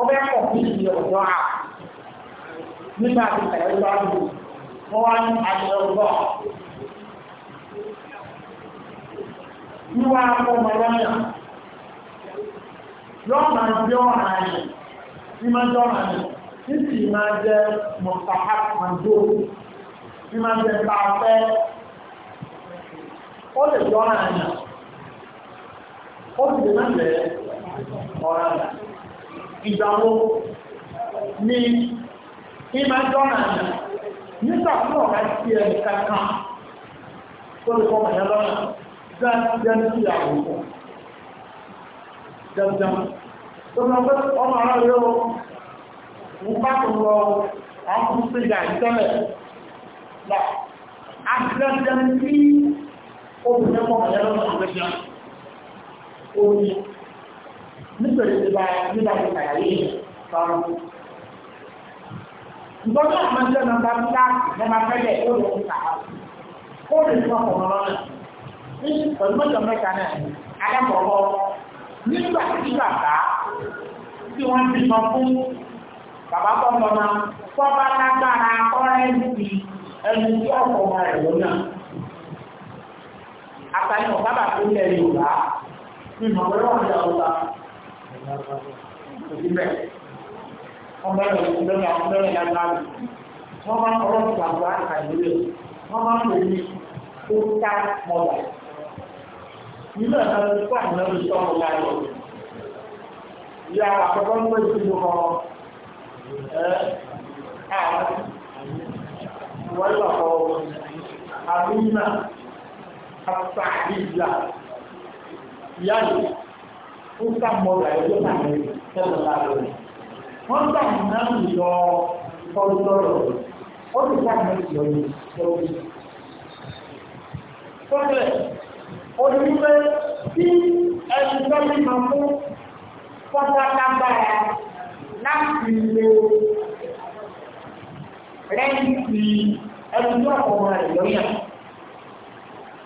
Speaker 2: ọbẹ̀ pọ̀ fún ìdí ọ̀dọ́ à nígbà tí ẹ̀rọ bá lù wọ́n wá ní àṣẹ ọ̀dọ́ wíwá ọmọ lọ́yà yóò máa gbé ọ̀nà yìí ní máa jẹ́ ọ̀nà yìí títí máa jẹ́ mọ̀tàhà màdó ní máa jẹ́ bá a fẹ́ ó lè jọ ọ̀rọ̀ àná ó sì lè máa bẹ̀rẹ̀ ọ̀rọ̀ àná ìgbà wo ni kí máa jọ ọ̀rọ̀ àná nígbà tí ọ̀rọ̀ ti ẹ̀ kankan tó lè kọ́ mọ̀yán lọ́nà dáadáa sí àwòkọ́ dáadáa tó lọ pé ọmọ ara rẹ̀ ó ń bá tó lọ àwọn kúrúsí ìgbà ìtẹ́lẹ̀ àti dáadáa obìnrin mọ̀ ọ̀yá jẹ́ nọ́mbà nígbà tí fẹ́lẹ̀ ó lọ sí kàá. Ó lè fún ọkọ̀ Ní pẹ̀lú mọ́jọ mẹ́ta náà, alákọ̀ọ́kọ́ nígbà tí bàbá tí wọ́n ti sọ fún bàbá tọ́kọ náà, lágbára ọ̀rẹ́ ẹni tí ọkọ̀ wọn rẹ̀ lọ́nà àtàlẹ́ ọ̀gá bàbá tó lẹ̀ yorùbá ní ìmọ̀lẹ́wọ̀ ní ọ̀gá òbí bẹ́ẹ̀ ọmọ ẹ̀rọ ìgbẹ́ni àwọn ọmọ ẹ̀rọ lágbàdo wọ́n máa ń kọ́ lọ́sùn àgbà àkàlẹ́ wọ́n máa ń lò ní óta mọ̀lá nígbà náà ló kó àwọn ẹ̀rọ ìṣọ́ ọmọ ọ̀gá lọ ìyá àkọ́kọ́ ń gbé ìṣòro kọ ẹ̀ àwọn wọ́n lọ́kọ̀ọ́ àbúrò náà àtàríyà yáyì ó sàmọ́ra ẹjọ́ tàbí tẹ́lẹ̀ láàrin wọ́n sàmù náà yọ ọlọ́rọ̀ ó sì sàmù yọ ìjọba Fọ́lẹ̀, ó ní wípé tí ẹni tọ́lẹ̀ máa mú fọ́tàlágbára láti lè rẹ́yìn sí ẹni tó àkọ́mọ rẹ̀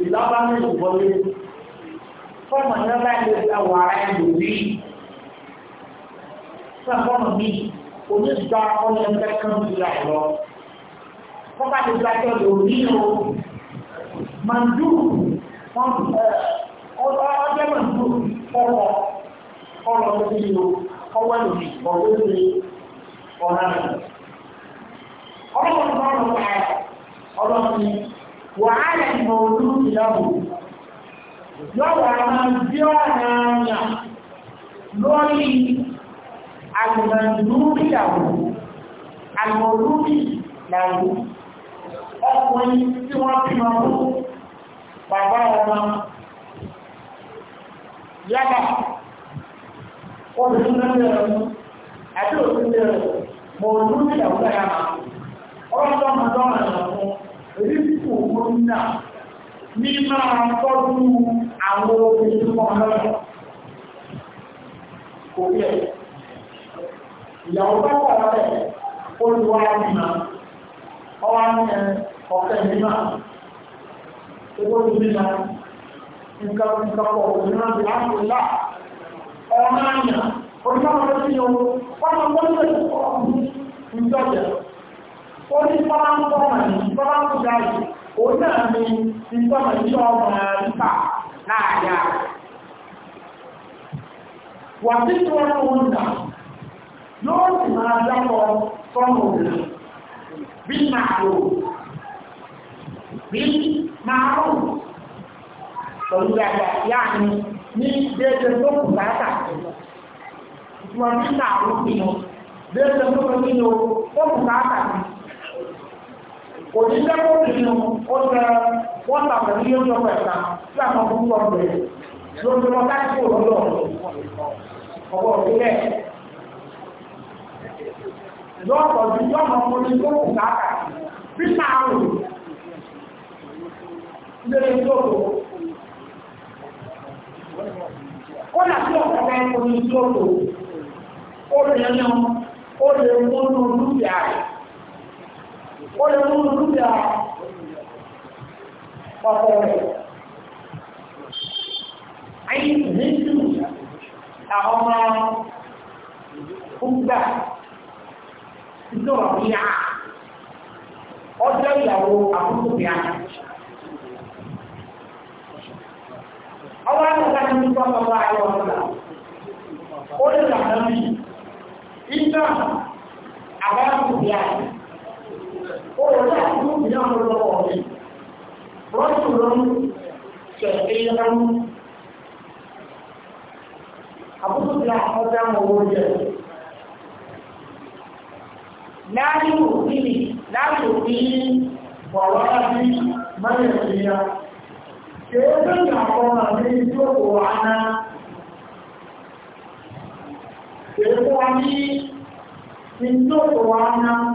Speaker 2: ìlọ́bá ní ìwọlé fọ́ọ̀mù ní ọba ilé ìgbà wà á ìlú rí fún àfọ́ọ̀mù mi onígbà ọ̀nà ẹgbẹ́ kan ti là lọ fọ́ọ̀mù àti ìgbà tó lò rí o màndú ọjọ́ màndú ọ̀rọ̀ ọ̀rọ̀ tó ti lò ọwọ́ ìlú ọ̀rọ̀ tó ti ọ̀rọ̀ ọ̀rọ̀ ọ̀rọ̀ ọ̀rọ̀ ọ̀rọ̀ wàhálà ìmọ̀ olú ìlọ́wọ̀ lọ́wọ́ àwọn bí ọ̀nà ọ̀nà lórí àgbàndúríyàwó àgbàndúríyàwó ọkùnrin tí wọ́n fi mọ́ fún bàbá ọmọ yàbá obìnrin lọ́wọ́ àti òṣèlú mọ̀ olú ìyàwó lẹ́yàmà ọlọ́dọ́mọdọ́mọ̀ ẹ̀rọ fún rípò mọ́nà ní máa tọ́jú àwọn obìnrin mọ́ lọ́rọ̀ kò rí ẹ̀ ìyàwó bá wà rẹ̀ olùwà nìmá ọwá ní ẹ ọ̀fẹ́ nìmá owó nìmá nǹkan nǹkan pọ̀ òmìnira bí láti lá ọmọ àyà onímọ̀ ọ̀rẹ́ ọmọ ó ní fọ́láńtọ́mà ní fọ́láńtọ́mà yìí ó náà ní ìtọ́mà ní ọmọ ìpà láàyà wà tí tí wọ́n mú nà yóò sì máa dákọ̀ sọ́nà òun bí máa lò bí máa lò pẹ̀lú dáadáa yáà ní ní déédé tó kù láàkà ìtumọ̀ bí máa lò nínú déédé tó kù nínú ó kù láàkà kò ní jẹ́ kó ti nù ó jẹ wọ́n tàbí ní oúnjẹ pẹ̀ta tí a máa fún ọ̀pẹ lórí wọn láti kó lọ́dọ̀ ọ̀pọ̀ ìpínlẹ̀ lọ́pọ̀ ju yọ́ máa fún ní tó kù káàkà bí máa lórí ìjọ́kọ̀
Speaker 1: ó nà sí ọ̀pọ̀ bẹ́ẹ̀ ní
Speaker 2: ìjọ́kọ̀ ó lè yan ní olúfẹ́ àrẹ̀ ó lè mú dúkìá ọkọ rẹ̀. Ayé ìdíjú àwọn ọmọ fúgbà ìjọba bí a ọjọ́ ìyàwó àkókò bí a. Ọwọ́ àgbàgbà ní nípa ayé Ó lè Ìjọba bí ولا يؤمن الله رجل شقيقا أبو سفيان قدام وجهه لا يؤذيه لا يؤذيه ولا في من يؤذيه كيف يكون من سوء عنا كيف يعني من سوء عنا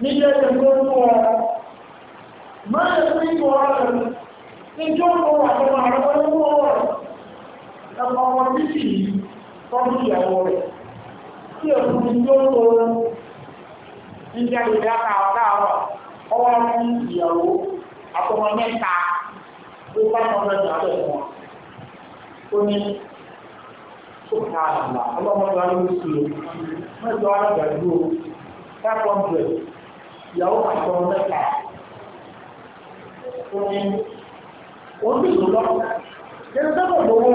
Speaker 2: nílé ẹgbẹ́ fún ọ máa ń rí ìwọ ọ̀rọ̀ níjọ́ ọ̀rọ̀ àtọ́mọ̀ àrọ́wọ́ lọ́wọ́ ọ̀rọ̀ ẹ̀kọ́ ọmọ títì tọ́jú ìyàwó rẹ̀ tí ẹ̀kùn ní tó tó níjà ìdá káàkáà ọwọ́ fún ìyàwó àtọ́mọ mẹ́ta tó bá ọmọ ẹ̀dá rẹ̀ wọn ó ní sókè àlà ọlọ́mọdé wa ló ń sè é mẹ́jọ alágbàdo 500 ìyàwó àtọ mẹ́ta ó ní oníṣòwò lọ nínú sẹ́kọ̀ọ́ lówó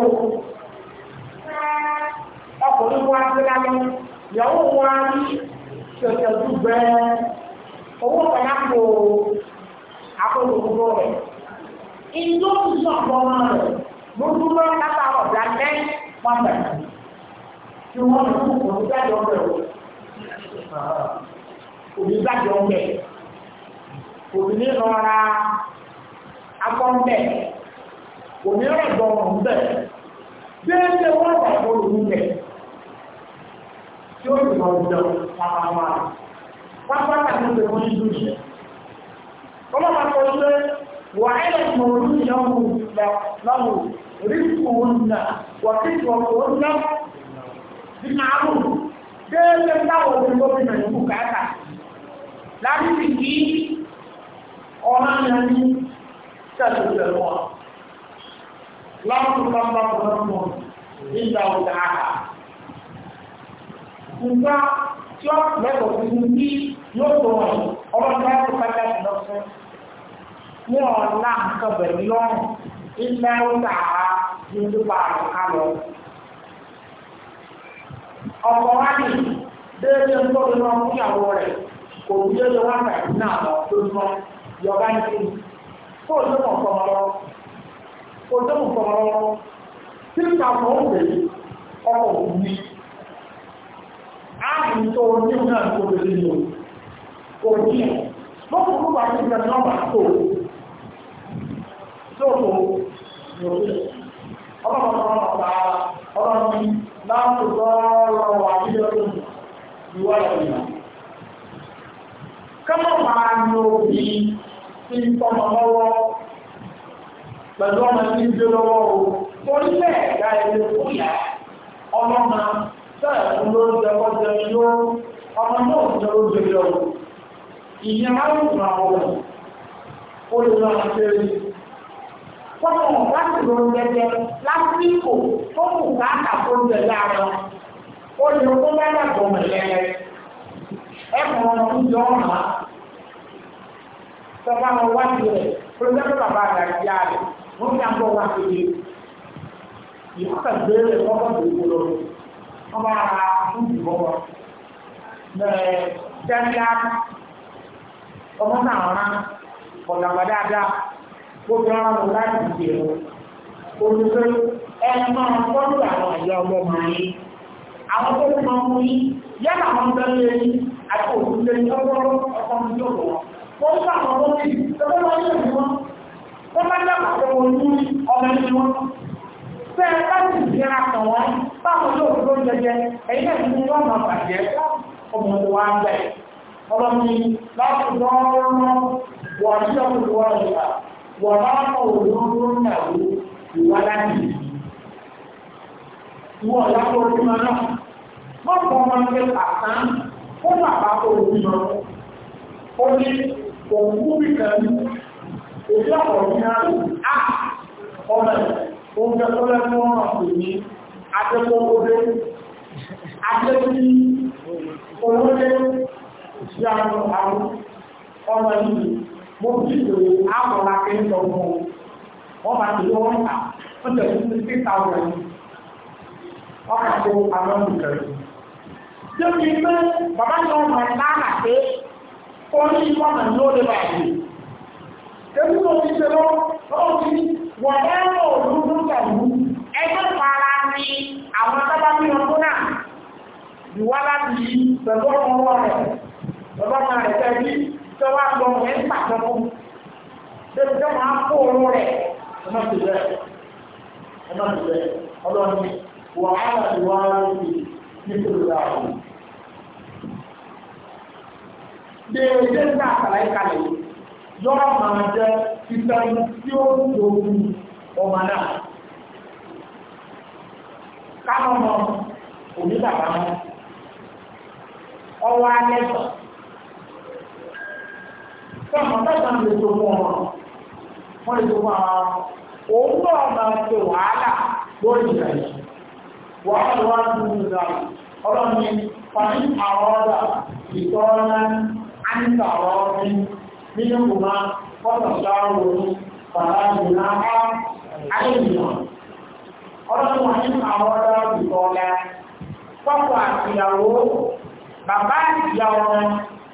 Speaker 2: ọkùnrin wọn adéláyé ìyàwó wọn rí ṣẹ̀ṣẹ̀ dùgbẹ́ owó kọ̀ọ̀lá kò akọ̀lùkùnrin rẹ̀ ìjọ ìjọ ọmọ rẹ̀ lójúmọ́ látàrọ̀ dálẹ́ pàmẹ́ tí wọ́n lè fún òun jáde ọ̀rẹ́ rẹ̀ òbí gbàjọ ń bẹ̀ òbí ní rọra akọ ń bẹ̀ òbí rọ̀gbọ̀ ń bẹ̀ déédé wọ́n wà fún òun bẹ̀ tí ó sì wọ́n jọ pàpàpà pápá tàbí ìpè wọn ní ìdúró ọlọ́pàá kọ pé wà á yẹ kí òun ní ìyàwó lọ́wọ́ rí òun nà wà kí òun nà bí màálù déédé táwọn òbí gómìnà ìlú kàákà láti kí ọ̀rá yẹn ní tẹ̀lẹ̀tẹ̀ wọn láti lọ́pọ̀ lọ́pọ̀ nígbà ọ̀dà àkà. Nǹkan tí ó lẹ́kọ̀ọ́ sí ní bí yóò tó wọn ọlọ́dún láti pàtàkì lọ́sẹ̀. Wọ́n ọ̀la nǹkan bẹ̀rẹ̀ lọ́rùn ilẹ̀ ọ̀dà àkà ní ìdúpà àkà Ọ̀pọ̀ wá ní déédéé ń tọ́jú òwúyọ́ yọ wákàtí náà lọ lójúmọ́ yọba ní kí kó o tọ́mọ̀ fọmọ lọ́wọ́ kó o tọ́mọ̀ fọmọ lọ́wọ́ tí n ta fọ ó bèrè ọkọ̀ òkú ní. áàbù tó o ní náà kó o bèrè ní o kò ní ẹ̀ lọ́kùn kó wà ní ìgbà nọ́mbà tó o tó o ní o bèrè ọlọ́mọ ọlọ́mọ pa ọlọ́mọ ní láti lọ́ọ́ lọ́wọ́ àbíyọ́ tó ìwà ìrìnà kọ́mọ̀ máa ní òbí tí ń tọmọ lọ́wọ́ pẹ̀lú ọmọ tí gbé lọ́wọ́ o torí bẹ́ẹ̀ ẹ̀dá ilé fúyà ọlọ́mọ sẹ́ẹ̀ fún lóúnjẹ kọjá yóò ọmọ náà jẹ́ oúnjẹ yọ ìyẹn máa ń tún àwọn ọ̀rọ̀ ó lè lọ àwọn akéré kọ́mọ̀ láti lóúnjẹ jẹ lásìkò tó kù káàkà fóúnjẹ láàárọ̀ ó lè kó bá yàgò mẹ́lẹ́rẹ́ ẹ̀kọ́ wọn ń yọ ọ́ màá sọ́kọ́ àwọn wájú rẹ̀ pẹ̀lú bàbá rẹ̀ àti ààrẹ wọ́n fi àgbọ̀ wá sí i ìwọ́n kàgbére kọ́kọ́ tó kú lọ wọ́n bá ara fún ìbọ̀wọ́ mẹ́rẹ̀ dẹ́gbẹ́ ọmọ náà rán ọ̀làwà dáadáa ó fi ara wọn láti dìde wọn olùkọ́ ẹ máa tọ́jú àwọn ẹ̀yà ọmọ màá yín àwọn tó ń mọ ọmọ yín yálà wọn bẹ́ẹ̀ lé yín àti òṣìṣẹ́ ìjọ́gbọ́rọ́ ọkọ̀ ìjọ́gbọ́ wọ́n bá àwọn ọmọ ní ìjọba wọn ní ìwọ̀n wọ́n bá dá àwọn ọmọ ní ọmọ ní wọn fẹ́ láti ìjẹra kan wọn báwọn yóò tó jẹjẹ ẹ̀yìn náà ní wọ́n máa bàjẹ́ ọmọ tó wá ń bẹ̀ ọmọ mi láti lọ́rọ́ wọ́n ní ọkùnrin wọn ìgbà wọ́n bá wọn fún bàbá òbí lọ ó ní òkú bìkan òbí àkọ̀rọ̀ ní àrùn à ọ̀nà oúnjẹ tó lẹ́nu ọ̀nà pè ní adékòkòdé adébí olóde sí àwọn àwọn ọ̀nà yìí mo ti lò àkọ̀lá kí n sọ fún wọn bá ti lọ́wọ́ ń ó tẹ̀lé 6,000 ọkà tó àwọn olùkẹ́rẹ́ débi pé bàbá yọ ọmọ náà pé kó ní ìfọ̀nà ní ó lè bá yìí. Ebi tó ti ṣe lọ, ó ti wọ̀ ẹ́rọ òdúdú pẹ̀lú ẹgbẹ́ para ní àwọn tábà ní ọdún náà. Ìwá láti pẹ̀lú ọmọ ọwọ́ rẹ̀, pẹ̀lú ọmọ rẹ̀ tẹ̀lé, tẹ́ wá lọ ẹ̀ ń pàtẹ́ fún. Débi tẹ́ máa kó oró rẹ̀, ẹ má ti bẹ̀rẹ̀, ẹ má ti bẹ̀rẹ̀, ọlọ́run wàhálà ìwà rẹ̀ ní ìpínlẹ̀ àwọn. déédéé ní àkàlàyé kalẹ̀ yọ́ọ́ máa jẹ́ títà tí ó ń dogun ọmọ náà káwọn ọmọ òní bàbá wọn ọwọ́ alẹ́ sọ fọmọ tẹsán lè tó fún ọmọ lè fún àwọn òun náà máa ṣe wàhálà lórí ìgbà yìí wàhálà ìgbà yìí ọlọ́run ní àwọn ọ̀dà àníkà ọ̀rọ̀ bí nínú kùmá fọ́tọ̀ sọ́rọ̀ ní bàbá ìlú náà ayélujára. Ọlọ́run wà nínú àwọn ọ̀rọ̀ ìkọlá. Fọ́pọ̀ àtìyàwó, bàbá ìyá ọmọ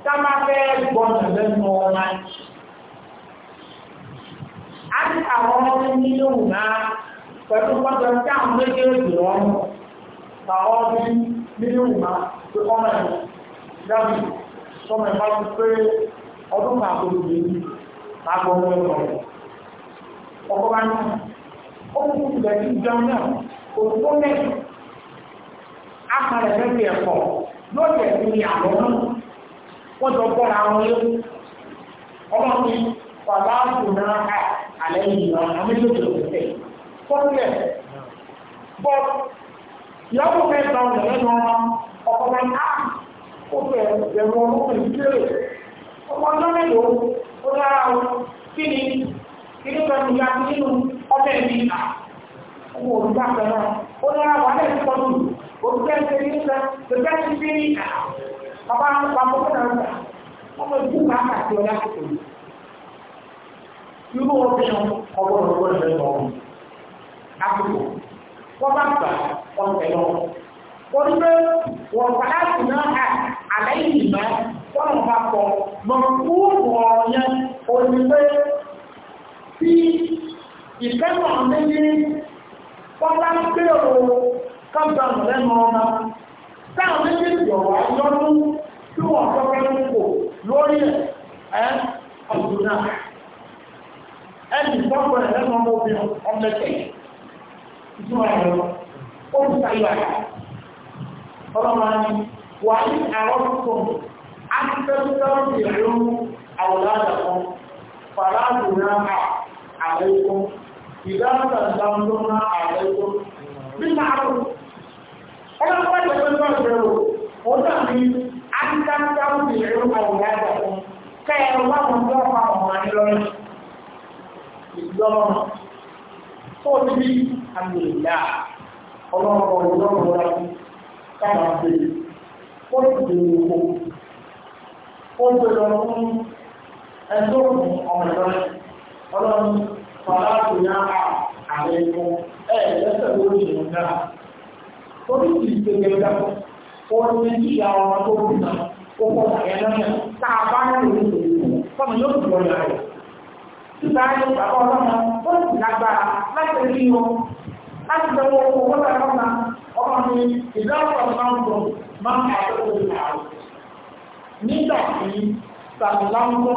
Speaker 2: sábà fẹ́ gbọ́nà lẹ́nu ọmọ. Àníkà ọ̀rọ̀ nínú kùmá pẹ̀lú fọ́tọ̀ sí àwọn méjèèjì ọmọ. Bàbá ọdún nínú kùmá tó sọmọ ẹ̀fà ti pé ọdún kan àkókò yìí lágbọ́ ọmọ ẹ̀rọ ọkọ̀ bá ní ó kú kú ìgbà tí ìjọ náà òkú ní apalẹ̀ lẹ́bi ẹ̀kọ́ lóde ẹ̀sìn ní àlọ́ náà wọ́n jọ gbọ́ ra wọn yóò ọmọ mi wàlá àbùnà àlẹ́ yìí náà àmì tó tó tó tẹ̀ fọ́nlẹ̀ bọ́ ìyàwó fẹ́ gba ọ̀nà lẹ́nu ọmọ ọkọ̀ bá ní ah, ó fẹ́ ẹ̀rọ ọmọ ìdílé ọmọ lọ́mẹ́lò ó dára o kí ni kíní pẹ̀lú ya nínú ọbẹ̀ mi à
Speaker 1: ọmọ òrùka pẹ̀lú
Speaker 2: ó dára wà lẹ́ ìpọ́nù òrùka ẹ̀ṣẹ̀ ní sẹ́ lẹ́gbẹ́ ti fi ní à bàbá pàpọ̀ fún àwọn ọmọ ìdílé máa kà sí ọlá kòtò irú ọbẹ̀ ọwọ́ ọwọ́ ìrẹ́lẹ̀ ọ̀hún àkókò wọ́n bá gbà ọ̀tẹ̀ lọ wọ́n gbé wọ́n bá láti náà àlẹ́yìnbá tọ́nà bá kọ mọ̀kúrù ọ̀yẹ́ onígbé tí ìkẹ́mọ̀ méjì pọ́lá ń pè ó kọ́gbà lẹ́nu ọmọ táwọn méjì yọ̀wá yọ́nú tí wọ́n kọ́kọ́ ń kò lórí ẹ̀ ọ̀dùn náà ẹni tọ́gbà lẹ́nu ọmọ obìnrin ọmọdé ìtumọ̀ ẹ̀rọ ó ń sayọ̀ ọlọ́mọ وإن أردتم أن تسترجعوا أولادكم فلا جناح عليكم إذا سلمتم ما عليكم بالمعروف ọlọ́run bá jẹ́ pé wọ́n ṣe rò ó dàbí áńtáńtáwù ìlú àwòrán kẹ́ẹ̀rọ bá wọn tó pa ọmọ ní lọ́rùn ìlọ́rùn tó ti bí àmì ìlà ọlọ́run ọ̀rọ̀ lọ́rùn lọ́rùn káwọn bèèrè ó sì bèrè oko ó gbé lọ fún ẹjọ́ òkun ọmọ ìlọrin ọlọ́run fàlá kò ní àpá ààrẹ epo ẹ̀ lẹ́sẹ̀ lórí ìrìn náà torí kì í ṣe gẹ́gẹ́ ó ní ìyá ọmọ tó bí náà ó pọ̀ àyẹ̀ lọ́yẹ̀ tá a bá ń lò ní ìlú fọmọ yóò sì lọ yàrá Títà ayé bàbá ọlọ́mọ ó sì lágbára láti rí wọn láti bẹ̀rẹ̀ owó ọlọ́mọ ọmọ mi ìdáhùn ọ̀sán ọ̀gbọ̀n máa ń pàtó lórí ààrùn nígbà tí sàmìláńgbó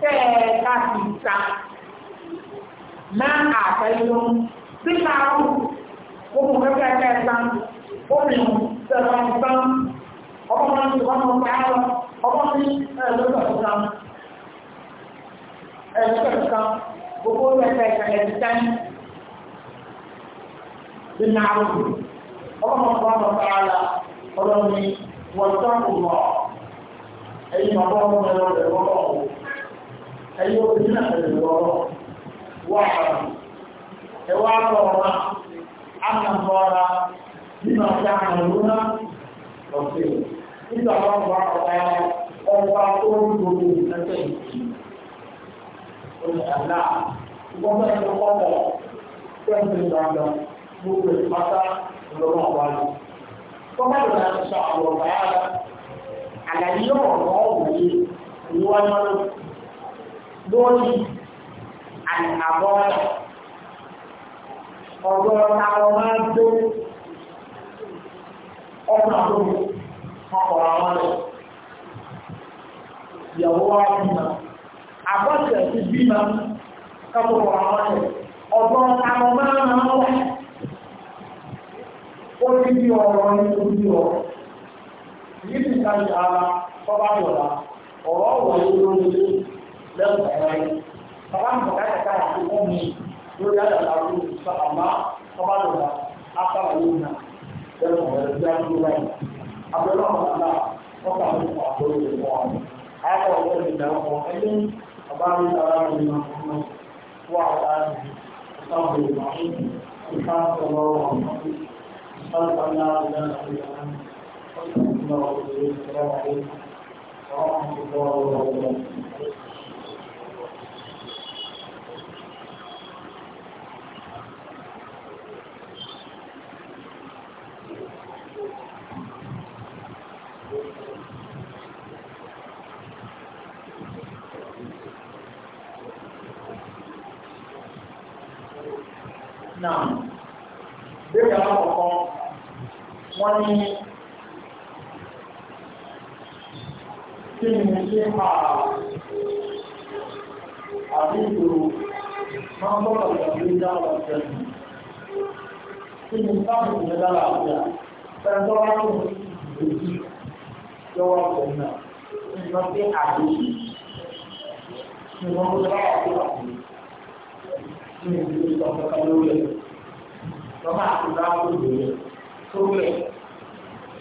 Speaker 2: tẹ́ẹ̀ láti ta máa àfẹ́lú sí máa rú gbogbo kẹ́kẹ́ kẹta obìnrin tẹ̀lá ìtàn ọmọ náà ti wọ́n mọ̀ pààrọ̀ ọmọ ní ẹ̀lọ́tọ̀ọ̀ta ẹ̀lọ́tọ̀ọ̀ta gbogbo kẹ́kẹ́ kẹta ẹ̀tẹ́ bí máa rú ọmọ náà ti wọ́n mọ̀ pààrọ̀ ọlọ́run ni wọ́n sáàkù mọ́ ẹ̀yìn bàbá ọmọ ẹ̀rọ ẹ̀rọ ọlọ́run ẹ̀yìn obìnrin náà ẹ̀rọ ọlọ́run wà àrùn ẹ̀wà àrọ̀ọ̀rá àmàbọ̀ọ̀rá nínú ọ̀sẹ̀ àmàlúná ọ̀sẹ̀ nígbà wọn wà ọ̀rá ọba tó ń gbogbo ìfẹ́fẹ́ ìtì ìpátá lọ́wọ́ wáyé tọ́gbàdùn náà ń sọ àwọn ọ̀gá ara àlàyé ọ̀rọ̀ òwúyé ìwọ́nà lórí àbọ̀ ọ̀dọ́ àwọn máa ń tó ọ̀nà lórí ọkọ̀ àwọn rẹ̀ ìyàwó wa bímọ àbọ̀tẹ̀ ti bímọ kọ́kọ́ àwọn rẹ̀ ọ̀dọ́ àwọn máa ń wà ó ní bí ọ̀rọ̀ ní ojú ọ̀rọ̀ yìí ti ká ṣe ara tọ́ba yọ̀la ọ̀rọ̀ ọ̀wọ̀ yìí ló ń lé lẹ́nu ẹ̀rọ yìí bàbá mi bàbá yàtá àti wọ́n mi lórí àyàtà tó ń sọ àmà tọ́ba yọ̀la afárá yìí nà lẹ́nu ẹ̀rọ bí a ń lọ báyìí abẹ́rẹ́ ọ̀rọ̀ náà wọ́n kà mí fún àbúrò rẹ̀ mọ́ ọ ayọ̀ ọ̀rọ̀ mi dà ọkọ̀ ẹni bàbá mi tara mi nà fún wa àtàlẹ́ ìsàbẹ̀rẹ̀ màá ń sọ خلق
Speaker 1: الله لنا السلام عليكم ورحمة
Speaker 2: الله وبركاته wọ́n ní kí ni ṣe máa àríkò máa ń bọ́kà ìgbàgbé dáwà ìjẹ́sì kí sáàmù ìjẹ́ dára àjá pẹ̀lú ọdún ìgbèjì lọ́wọ́ ọ̀pọ̀ ìjọ pé àríkò ìwọ̀n tó dáwà tó àkùnrin ní ìgbèjì ọ̀pọ̀ kan ẹ̀ lọ́mà àti dáwà tó lórí ẹ̀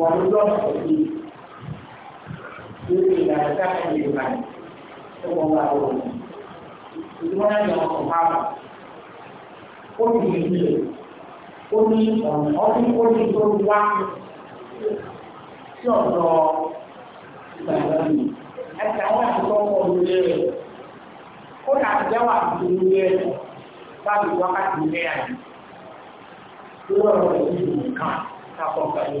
Speaker 2: wà lójú ọ̀sẹ̀ lórí ìlànà káàkiri Yorùbá ni ó bá wọn ní ìdúmọ̀ náà ní ọkọ̀ pàápàá ó ní ìdílé ó ní ọ̀nà ọdún ó ní tó wá sí ọ̀dọ̀ ìgbàgbọ́ mi ẹ̀sẹ̀ àwọn àtúntò ọkọ̀ lórí rẹ̀ ó dà jẹ́wọ́ àtúntò lórí rẹ̀ láti wákàtí mẹ́rin lórí ọ̀rọ̀ ìdílé nìkan kápọ̀ pẹ̀lú.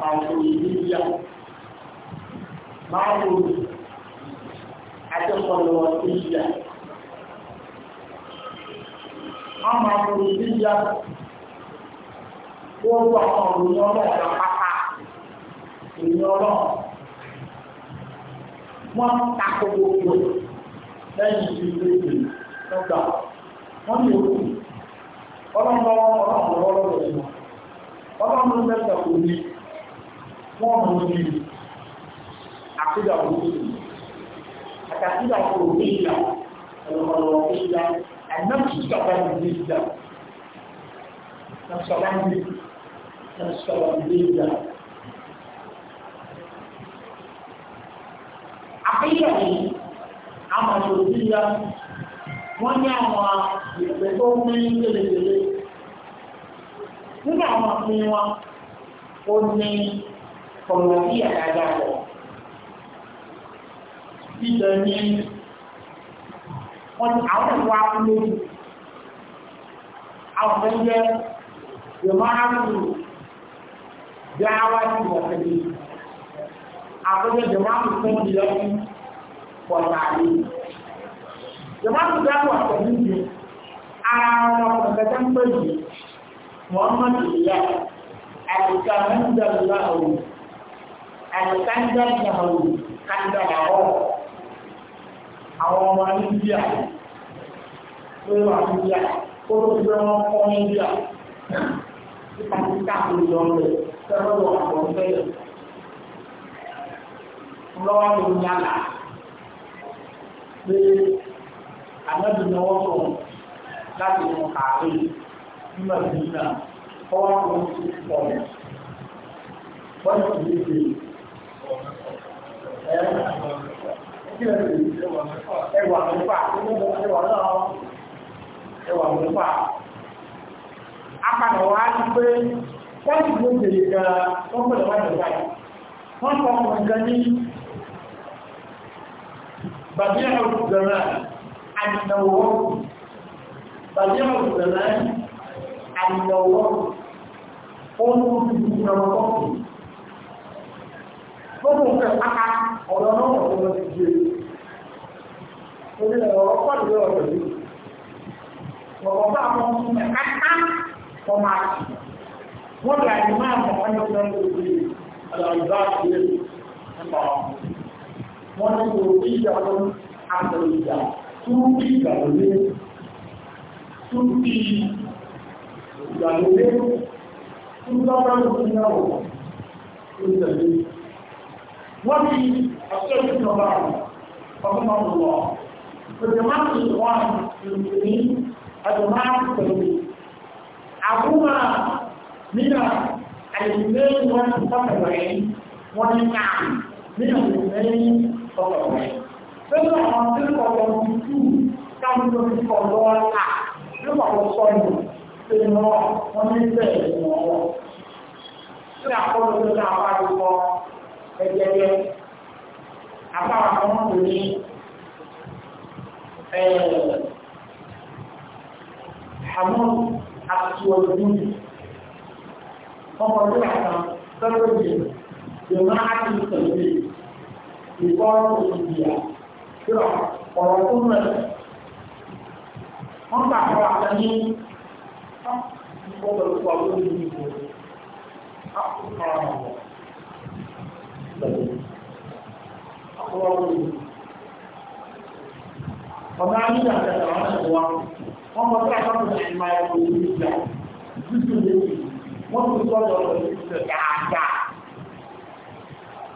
Speaker 2: màwùlíyà màwùlù àjọpọ̀lọ̀wọ̀líyà màwùlíyà gbogbo àwọn òyìn ọlọ́ọ̀dọ̀ pátá òyìn ọlọ́ọ̀ wọ́n takò gbogbo lẹ́yìn tí ó lè lọ́gbà wọ́n ní òkú ọlọ́mọ ọlọ́mọ ọlọ́mọ ọlọ́mọ ọlọ́mọ mẹ́ta kò ní fọ́ọ̀mù ní àkúdà òkú àtàkúdà òkú ìlà ọ̀rọ̀ ìlà àìmọ́sùsọ̀bá ní ìlà nàṣọ̀bá ní nàṣọ̀bá ní ìlà àkúdà yìí àwọn òkú ìlà wọ́n ní àwọn ìpẹ́ tó ń ní lélẹ̀lẹ̀ nínú àwọn àfihàn wọn ó ní ọ̀nà bí àdájá pọ̀ bíbẹ̀ ní wọ́n àwọn ẹ̀kọ́ akúlójú àwọn ẹgbẹ́ yọ̀mọ́ àrùn dáwà sí wọ̀tẹ̀lẹ̀ àkọ́jọ́ yọ̀mọ́ àrùn fún ìlọ́sí pọ̀tàlẹ̀ yọ̀mọ́ àrùn dáwà wọ̀tẹ̀lẹ̀ yìí ara wọn kọ̀kẹ́kẹ́ ń pè yìí àìsàndà ìyàwó kàndà àwọ̀ àwọn ọmọ India ló wà India ó ló fi wọn kọ́ India ní Pakistan ló yọ ọ́nbẹ sẹ́wọ́n lọ àbọ̀ ńbẹ́lẹ̀ lọ́wọ́ ló ń yàrá pé àmọ́bìnrin wọn sọ láti mú ààrẹ nígbà tí náà ọwọ́ àwọn oṣù pọ̀ wọ́n ti lè dè ẹwà mẹ́fà ti pé wọ́n ti gbé gbèrè gan wọ́n pẹ̀lú wájú báyìí wọ́n kọ́ ọmọ nǹkan ní bàbí ẹ̀rọ gbẹ̀rẹ̀ àdìnàwó bàbí ẹ̀rọ gbẹ̀rẹ̀ àdìnàwó gbogbo nǹkan pátá ọ̀rọ̀ náà wọ̀ lọ sí jẹ́ orílẹ̀ ọ̀rọ̀ pọ̀lú ọ̀rọ̀ yìí ọ̀rọ̀ bá wọn fún ẹ̀ pátá wọn máa tì wọ́n lè àyè máa mọ̀ ọ́n yóò lọ́wọ́ sí àlàyé àgbẹ̀ nípa wọn ní kò sí ìjà wọn àtọ̀ ìjà tún bí ìgbà lóde tún bí ìgbà lóde tún lọ́wọ́ lóde náà wọ̀ lóde وفي الشيخ ابن باز رحمه الله وجماعة الإخوان المسلمين وجماعة التوحيد عموما من الاثنين والمتطوعين والنعم من الاثنين والمتطوعين فإذا حصلت الوجود كان يوجد الله nípa ọ̀sọ́nù tí wọ́n ní bẹ́ẹ̀ ni wọ́n wọ́n. Tí àkọlù tó dáa bá ti kọ́ ẹgbẹ́gbẹ́ àpáwà kan wọ́n kò ní àmọ́ àtúwọ̀dún ọmọ ọdún àtàn tọ́lọ́dì ìmọ̀ àti ìtọ́lẹ̀ ìkọ́ òṣìṣìyà tí ọ̀rọ̀ tó mẹ́rin wọ́n gbàgbọ́ àtàní ọ̀pọ̀lọpọ̀ àwọn olùdíje ọ̀pọ̀lọpọ̀ ọba nígbà tẹ̀lé wọn ṣe wá wọn bọ sí àkọsílẹ̀ ìmọ̀ ẹ̀kọ́ ìlú ìjà títí lórí wọn tún gbọ́dọ̀ lọ sí ìṣẹ̀ dáadáa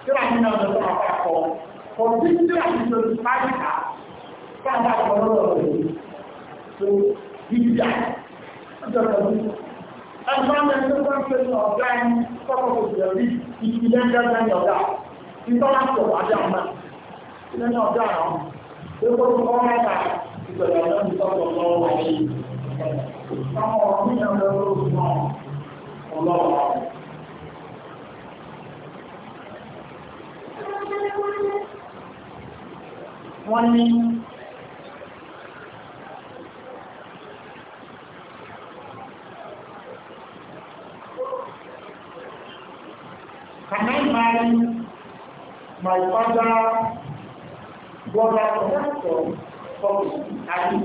Speaker 2: síra nínú ọdún tó máa kọ kò sí síra nínú ọdún máyìíká káàdà kọ lọ́wọ́ rẹ̀ tó ìjà ọjọ́ kan ẹgbẹ́ wọ́n ní Can I marry my father, brother, or pastor for me? Ali?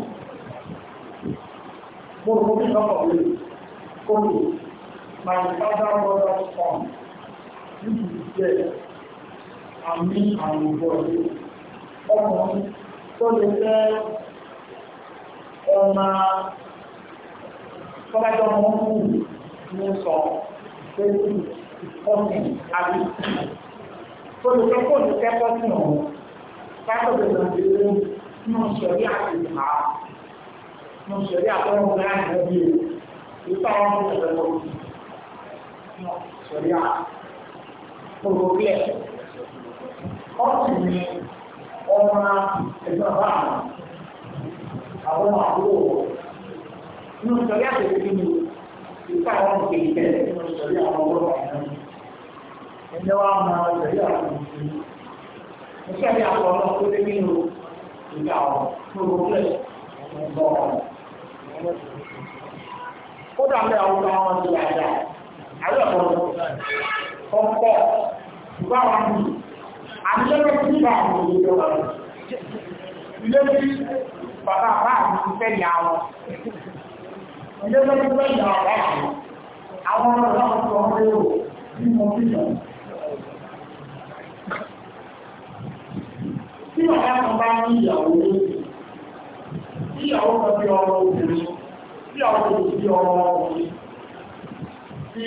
Speaker 2: Mo rò ní ọkọ̀ rẹ̀, For me, my father, brother, son, níbi ìjẹ́ àmì àwọn ìbọ̀lẹ̀ ọkùnrin tó lè fẹ́ ọmọ tọ́lájọ́ ọmọ ọmọ ọmọ sọ pé kí ọ̀sìn àbí olùkẹ́kọ̀ọ́ sí ọ̀hún látọ̀dọ̀ ìgbàlódé ní ọ̀sẹ̀rí àti ìhà ní ọ̀sẹ̀rí àtọ́rọ̀ náà ní ọdí o ìta wọn ní ọ̀sẹ̀rọ̀ ní ọ̀sẹ̀rí àtọ́rọ̀kẹ́ ọ̀sìn ni ọmọ ẹgbẹ́ bá àwọn àbúrò ní ọ̀sẹ̀rí àtọ́rọ̀kẹ́ ní ìta wọn kì í ẹ̀jẹ̀ wa máa tẹ̀lé àwọn ìṣẹ̀lẹ̀ iṣẹ́ ní àwọn ọmọ tó lé nínú ìgbà ọ̀rọ̀ tó ló fẹ́ ọ̀gbọ̀n ọ̀rọ̀ ó dà bẹ́ẹ̀ àwọn ọmọ ti yàjà àlọ́ ọ̀pọ̀ ìgbà wà ní àdúgbò tí ìgbà àwọn ìlú wà ní ilé tí bàbá bá àti ìfẹ́ yà wọn ilé tí wọ́n ti fẹ́ yà wọn àwọn ọmọ náà sọ wọn lérò bí mo fi yàn tí ọ̀gá kan bá ní ìyàwó lóṣù tí ìyàwó kan bí ọrọ̀ obìnrin tí ìyàwó kan bí ọrọ̀ ọkùnrin tí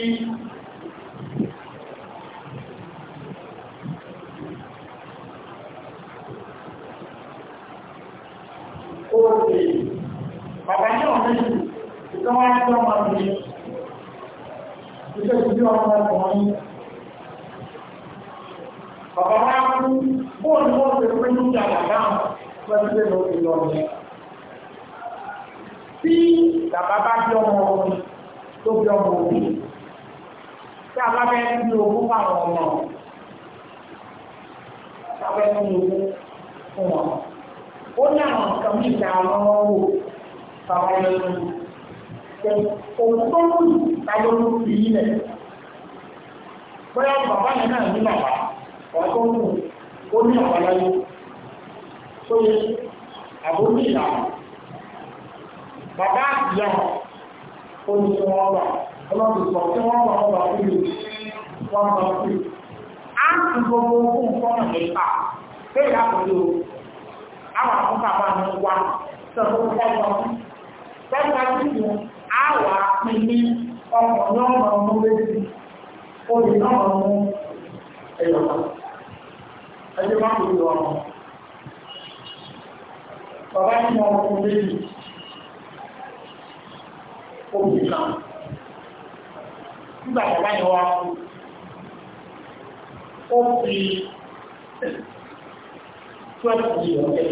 Speaker 2: ó ṣe bàbá náà méjì tó wá ní ọmọ mi iṣẹ́ ìdí ọmọ ọkùnrin bàbá wá kú bóòlù wọn ti pín ní ìjàgbá dáhùn pẹ̀lú pé mo ti lọ Tí bàbá bá bí ọmọ omi tó bí ọmọ omi, tí a bá fẹ́ ní ogún fáwọn ọmọ, a fẹ́ ní ogún fún wọn. Ó ní àwọn nǹkan bí ìjà àwọn ọmọ wò bàbá yẹn lọ. Òun tó ń lù táyọ̀ ló fi yí lẹ̀. Bóyá bàbá yẹn náà ní bàbá, ọ̀tọ̀ ń lù ó ní àbáláyé tó yẹ àbójú ìyàwó bàbá ìyàwó ó ní tí wọ́n gbà ọlọ́dún sọ tí wọ́n gbà ọgbà fúlù wọ́n gbà fúlù á ń tún gbogbo ohun fọ́nà mẹ́ta pé ìyá kò lè o àwọn àwọn bàbá mi wá sọ̀rọ̀ ọgbà tọ́ta títù á wà pín ní ọkọ̀ náà ọmọ méjì olè náà ọmọ ẹ̀yọ̀kan ẹjọ́ bá kò lọ bàbá ní mọ ọmọ ọmọ méjì kan nígbà bàbá yẹn wá ó fi twelve years ọ̀kẹ́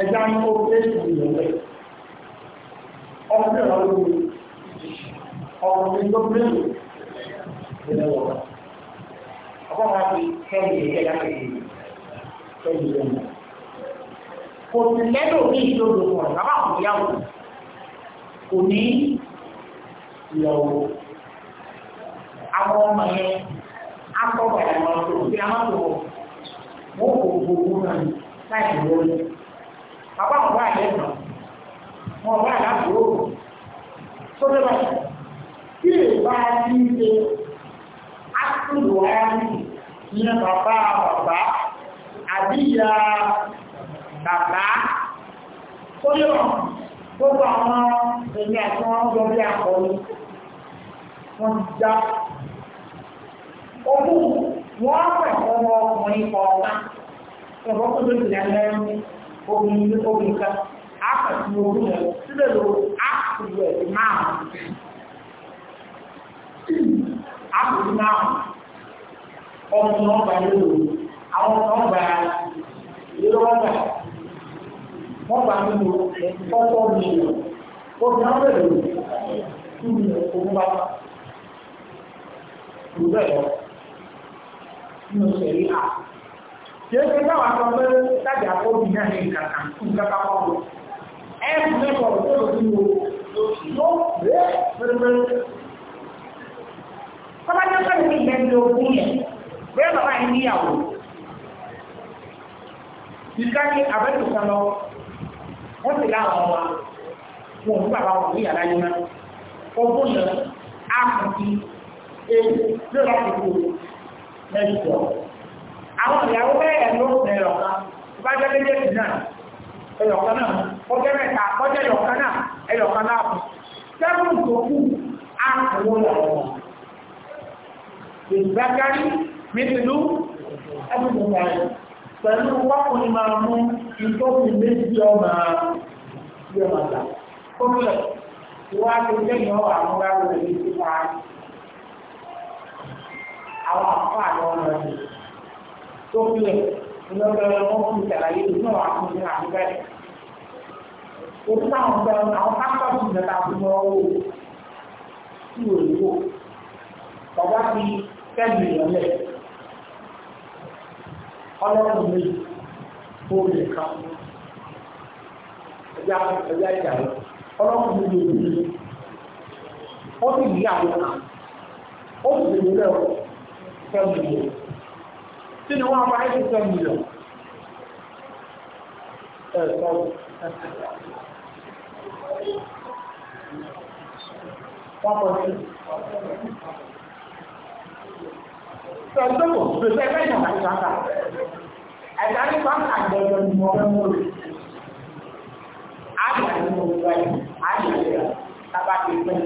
Speaker 2: ẹja ní ó fi eight years ọ̀kẹ́ ọmọ mẹ́rin ọdún ọmọ mẹ́rin ọdún mẹ́rin ìrẹ́wọ̀n kọ́ wa fi kẹ́lì ẹ̀jẹ̀ láti fi kẹ́lì ẹ̀jẹ̀ mọ̀. kò sí lẹ́dọ̀ ní ìṣòro kan bàbá kò yáwó kò ní ìyàwó àwọn ọmọ yẹn akọ́gbà ìwọ̀n tó fi amátòwò wọ́n kò gbogbo náà láì lórí. bàbá kò wá ìyẹn náà wọn wá àdúgbò sọ́dọ̀ bá kí lè bá a ti ń ṣe ápùlù ara nìyí ní bàbá bàbá àbíyà bàbá tó yọ gbogbo àwọn èmi àti wọn lọ bí akọni wọn ti já ogún wọn pẹ̀lú ọmọ ọkùnrin kọ̀ọ̀kan ẹ̀rọ tó lè tìlẹ̀ lẹ́nu obìnrin obìnrin kan ápàtì ogún rẹ̀ sílẹ̀ lọ ápàtì rẹ̀ máa ápàtì máa ọmọ náà gba lóru àwọn kan gba lọ́wọ́ gba wọ́n gba nínú ọkọ̀ mílíọ̀n ó fi náà bẹ̀rẹ̀ lóru kí ni òun bá wà kù bẹ́ẹ̀ lọ nínú sẹ̀rí à. Kìí ṣe táwọn akọ pé tájà àkọ́bí náà ní ìkàkà nǹkan bá wà wọ. Ẹ kù mẹ́kọ̀ọ́ tó lò sí wo yóò rẹ̀ pẹ́rẹ́pẹ́rẹ́. Tọ́lá jẹ́ pẹ́rẹ́ ìyẹn ló fún yẹn bẹ́ẹ̀ bàbá yìí níyàwó ìka ní abẹ́tòkọ́ lọ wọ́n ti láwọn ọmọ wọn ní bàbá wọn ní yàrá yìí náà ogún náà á kù sí ewu lọ́la kòkó mẹ́jọ àwọn ìyàwó bẹ́ẹ̀ ló ń bẹ̀rẹ̀ ọ̀kan bá jẹ́ méjèèjì náà ẹyọ̀kan náà ọjọ́ mẹ́ta ọjọ́ ẹyọ̀kan náà ẹyọ̀kan náà kù sẹ́wọ̀n tó kù á lọ́wọ́ mílùú ẹgbẹ̀gbẹ̀ pẹ̀lú wákùnrin máa mú ìtọ́kùn méjì ọmọ yọmọ gbà ó lẹ̀ wá ti lẹ́yìn ọwọ́ àwọn gbàgbọ́ rẹ̀ ti wá àwọn àpá àwọn ọmọ rẹ̀ tó lẹ̀ lọ́gbẹ̀rẹ̀ wọn fún ìtàlàyé ìdúná wà fún ìdúná àgbẹ̀ ó táwọn gbẹ̀rẹ̀ àwọn pápákọ̀ ìdúná fún ọwọ́ tí ọlọ́run mi tó lè ka ẹ̀yà ẹ̀yà ìjà rẹ̀ ọlọ́run mi lè lè ó sì yí àwọn kan ó sì lè lè ọ fẹ́ mi lò tí ni wọ́n bá yẹ fẹ́ mi lò ẹ̀ sọ wọ́n bọ̀ sí sọ̀tọ́kọ̀ gbèsè ẹgbẹ́ ìjọba ìjọba ẹ̀dá nípa àgbẹ̀yọ̀ ni mo ọmọ ọ̀pọ̀ rẹ̀ ẹjọ́ ìjọba ó ń bá ẹni wọn mú rẹ̀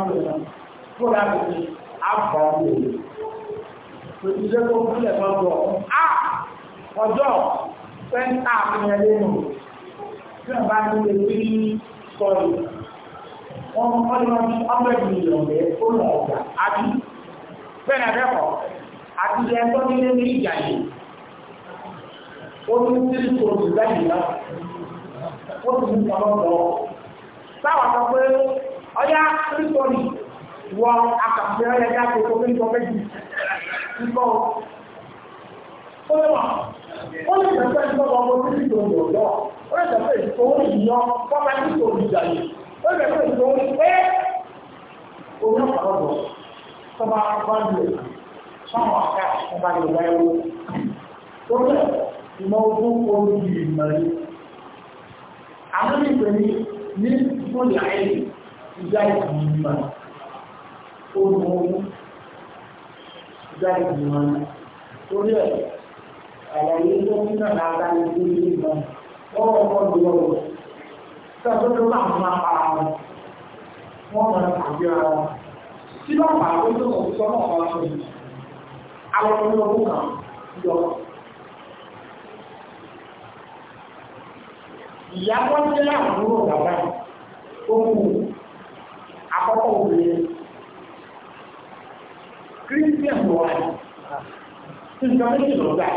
Speaker 2: náà fúnra mi ni àbọ̀ ìṣẹ́ tó kúlẹ̀ kan bọ̀ á ọjọ́ pẹ́ńtà àfihàn lẹ́nu tí wọ́n bá ní lè rí sọ̀rọ̀ wọn kọ́ ní wọn bí ọ́pẹ́ẹ̀dì ìlọ̀lẹ́ ó lọ ọ̀gá àbí bẹ́ẹ̀ àdẹ́kọ̀ àti ilẹ̀ ẹ̀kọ́ nílé ní ìjà yìí ó ní tírí tó ti lẹ́yìn náà ó ti ní ọlọ́dọ̀ sáwà sọ pé ọyá ìgbọ́ ìgbìmọ̀ orí ogun jáde jù wọn torí ẹ̀ àlàyé tó ń nà láta ní kí ní ìgbà wọ́n wọ́n kọ́ ju ọ̀rọ̀ sọ́dọ̀ máa máa pa wọn wọ́n máa tàbí ara wọn tí wọ́n máa ló tó bàbá ohun àkọ́kọ́ obìnrin kírísítíà lọ wà ní nǹkan méjì lọ gbà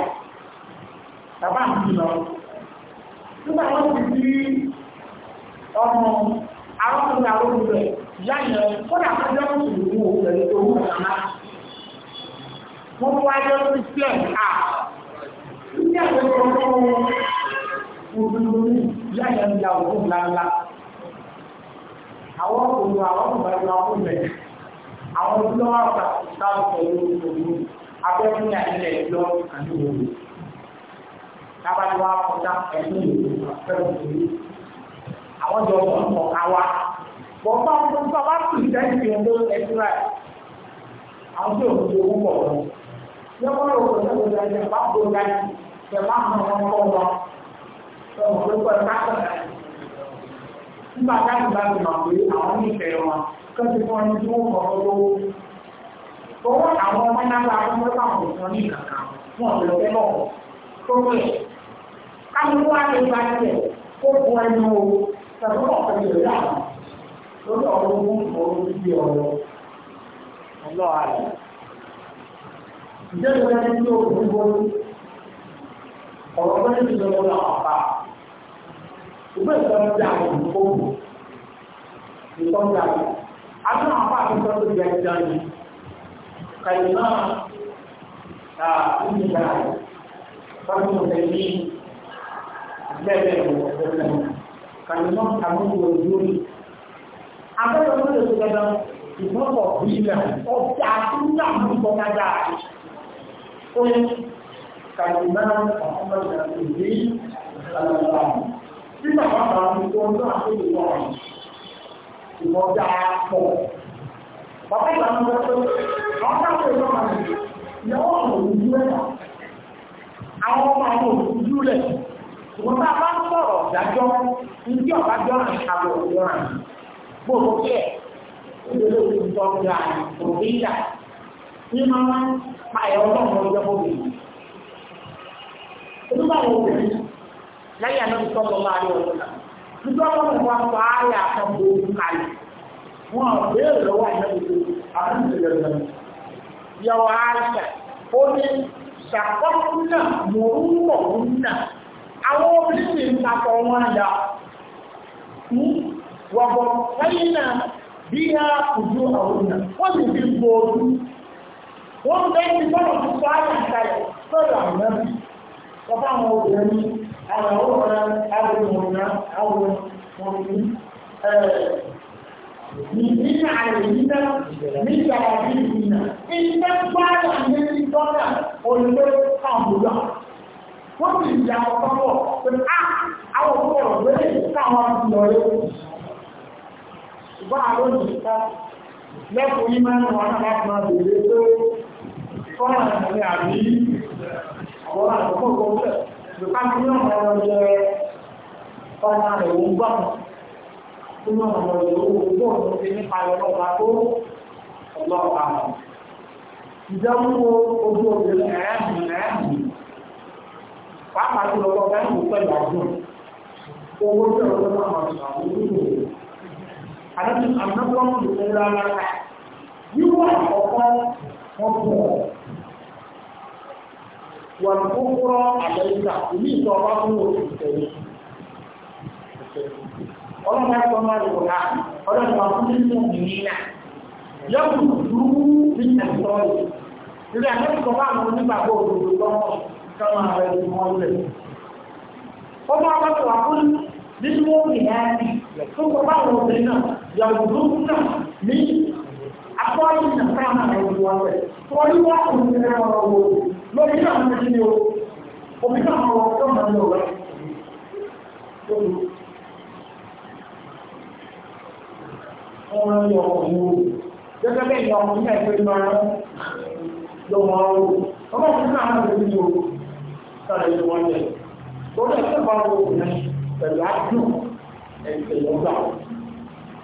Speaker 2: bàbá mi lọ nígbà wọn ti di ọmọ arákùnrin arókùnrin rẹ ìyá yẹn kódà wọn jẹ́ wọn sì wù ú pẹ̀lú owó àmà wọn tún wá jẹ́ kírísítíà à kírísítíà lọ sọ fún wọn òdòdó ní ìyá yẹn ń ya òkú ńláńlá àwọn òkú àwọn òkú bá yọ àwọn òkú bẹ́ẹ̀ àwọn olùdókòwò àgbà ìsáwọ̀ pẹ̀lú òwú abẹ́rún ní àyílẹ̀ ìjọ àti òwú tábàlì wa kọjá pẹ̀lú òwú pẹ̀lú òwú àwọn jọ ọ̀pọ̀ ń pọ̀ káwa bọ̀ọ̀bá ọdún tó bá kù ìdájì ọdún ẹ̀dúrà àwọn tó ń fi owó pọ̀ lọ lọ́wọ́ òwò lọ́wọ́ ìdájì bá kó dájú tẹ̀lá àwọn ọmọ ọmọ wọn lọ́wọ́ pẹ̀lú ẹ̀ká kọ́sí fún ẹni tí wọ́n kọ̀ọ́ lówó. Owó àwọn ọmọ náà la ọ̀rọ̀ bẹ́ẹ̀ ti lọ wọlé ọ̀pá. Ìgbésẹ̀ ń bí àwọn àwọn àpá àkókò tó jẹ́ ìdáni kàìmá àìní dáadé fáwọn ọ̀tẹ̀lì bẹ́ẹ̀ ọ̀tẹ̀lì kàìmá àkókò lórí abẹ́rẹ́ ọmọdé tó gẹ́gẹ́ ìgbọ́kọ̀ bílẹ̀ ọjà tó ń dà mú ìgbọ́ kájà ó ní kàìmá àkókò lórí nígbà wọn bá ń tó ń dà mú ìgbọ́ kájà ìwọ́jà pọ̀. Bàbá ìgbà ń bọ́ pé àwọn káàkiri ìjọ máa ní ìyàwó àwọn òwúrú Àwọn ọmọ àwọn òwúrú rẹ̀. láyé àná ìtọ́jọ́ máa rí nígbà wọn wà fà á yà kan bó kalẹ̀ wọn àbẹ̀rẹ̀ lọ́wọ́ àyẹ̀wò àwọn ìṣẹ̀lẹ̀ lọ́wọ́ yàwó àṣà ó ní ṣàkọ́kúnnà mòrúnmọ̀kúnnà àwọn obìnrin ń papọ̀ wọn dà wọ̀bọ̀ fẹ́yìnà bí a kùjú àwọn ìnà wọ́n sì fi gbòòrú wọ́n bẹ́ẹ̀ ti bọ́lọ̀ tó sọ àyàkà sọ́rọ̀ àwọn ọmọ ọmọ obìnrin àwọn ọmọdé àwọn ọmọdé àwọn ọmọdé nínú àrẹ̀ yíká nígbà àti ìrìnà ìgbà gbára ní ìtọ́nà olùgbé àbúrà wọ́n sì ìjà ọ̀pọ̀pọ̀ pé á àwọn ọ̀pọ̀ ọ̀rẹ́ káwọn lọ́rẹ́ ṣùgbọ́n àwọn òṣìṣẹ́ lẹ́kùn yí máa ń wọ́n náà máa bèèrè pé kọ́nà ní àbí àwọn àkọ́kọ́ láti ní ọmọ ọmọ yẹ ọmọ rẹ̀ ò ń gbọ́ tó ní ọmọ ọmọ rẹ̀ ò ń gbọ́ tó ti nípa ẹ̀rọ ọba tó ọ̀dọ́ ọba rẹ̀. Ǹjẹ́ ojú obìnrin ẹ̀ẹ́mù ẹ̀ẹ́mù pàápàá tó lọ́wọ́ ń pẹ̀lú àdúrà owó tí ọ̀dọ́ náà máa sọ àwọn olùdó rẹ̀. Àdàtú àmọ́ wọ́n kó kúrọ́ àlẹ́yìnká ìlú ìtọ́ ọba fún òṣìṣẹ́ ọlọ́run ẹ̀kọ́ máa lò wá ọlọ́run máa fún nínú ìnira yọ̀bù dúró ní ẹ̀tọ́ rẹ̀ ìrìn àjọṣọ́ bá àwọn onígbàgbọ́ òdòdó lọ́mọ káwọn ààrẹ ti mọ́ ilẹ̀ ó máa bá wà fún nínú ìnira tó kọ bá àwọn obìnrin náà náà ló ti wọ́n rẹ̀. Wọ́n ní wọ́n kò ní ẹ̀rọ ọ̀rọ̀ wò lórí náà ní kí ni o. Omi náà máa wọ ọjọ́ máa ní ọ̀rẹ́. Wọ́n máa ń yọ ọkọ̀ ní òru. Gẹ́gẹ́ bẹ́ẹ̀ ni ọkọ̀ ní ẹgbẹ́ máa ń lọ mọ́ ọ́rọ̀. Ọmọ òkú náà máa ń lọ sáré ní wọ́n jẹ. Torí ẹ̀sẹ̀ bá wọ òun náà pẹ̀lú àdùn ẹ̀sẹ̀ lọ́gbà.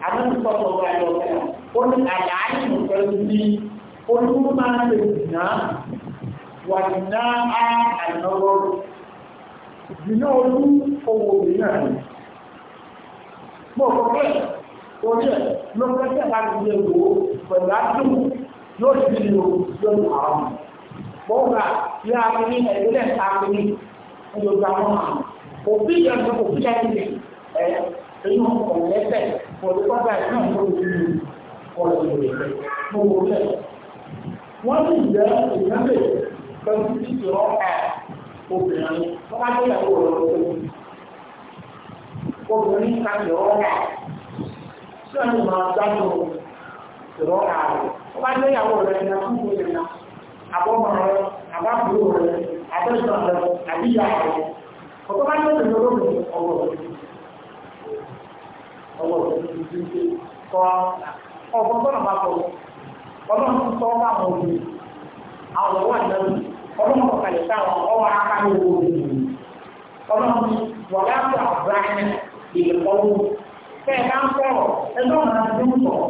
Speaker 2: Àdùn sọ̀tọ̀ bá yọ ọ̀rẹ́ ó ní àlàáyé pẹ̀lú bí olúmọ máa lè dìná wà dìná á àìnáwó dìná olú owó mìíràn ni mo kọ pé orí ẹ ló ń gbẹ́sẹ̀ láti lè wò ó pẹ̀lú àdúgbò yóò ti di lò lórí àwọn gbọ́ngà yóò àwọn ní ẹ̀dẹ́lẹ̀ ta fi ní ọjọ́ àwọn àmì ọ̀rọ̀ wọ́n ti jẹ́ ìyàwó rẹ̀ ní akúkú rẹ̀ náà àbọ̀mọ̀ rẹ̀ àbábúrò rẹ̀ àbẹ́sàn rẹ̀ àbíyà rẹ̀ ọ̀tọ́ bá jẹ́ ìyàwó rẹ̀ ọgbọ́n tọ́nà bá tọ̀wọ́ ọlọ́run tọ́ láwọn òbí àwọn ọwọ́ ìdájú ọlọ́run kọ̀kàlẹ̀ sáwọn ọwọ́ akáwọ̀ òbí ọlọ́run wà láti àbúráyẹ ìlẹ̀kọ́wọ́ fẹ́ẹ̀ bá ń sọ̀rọ̀ ẹgbẹ́ ọ̀nà tó ń sọ̀rọ̀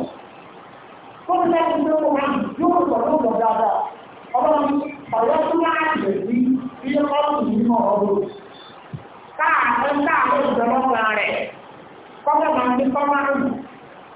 Speaker 2: tó ń lẹ́yìn tó ń wá yóò sọ̀rọ̀ lọ́dọ̀ dáadáa ọlọ́run ọ̀rọ̀ tó máa lè sí ilé kọ́ọ̀tù nínú ọ̀rọ̀ káà ẹ̀ ń káà ló ń sọ̀rọ̀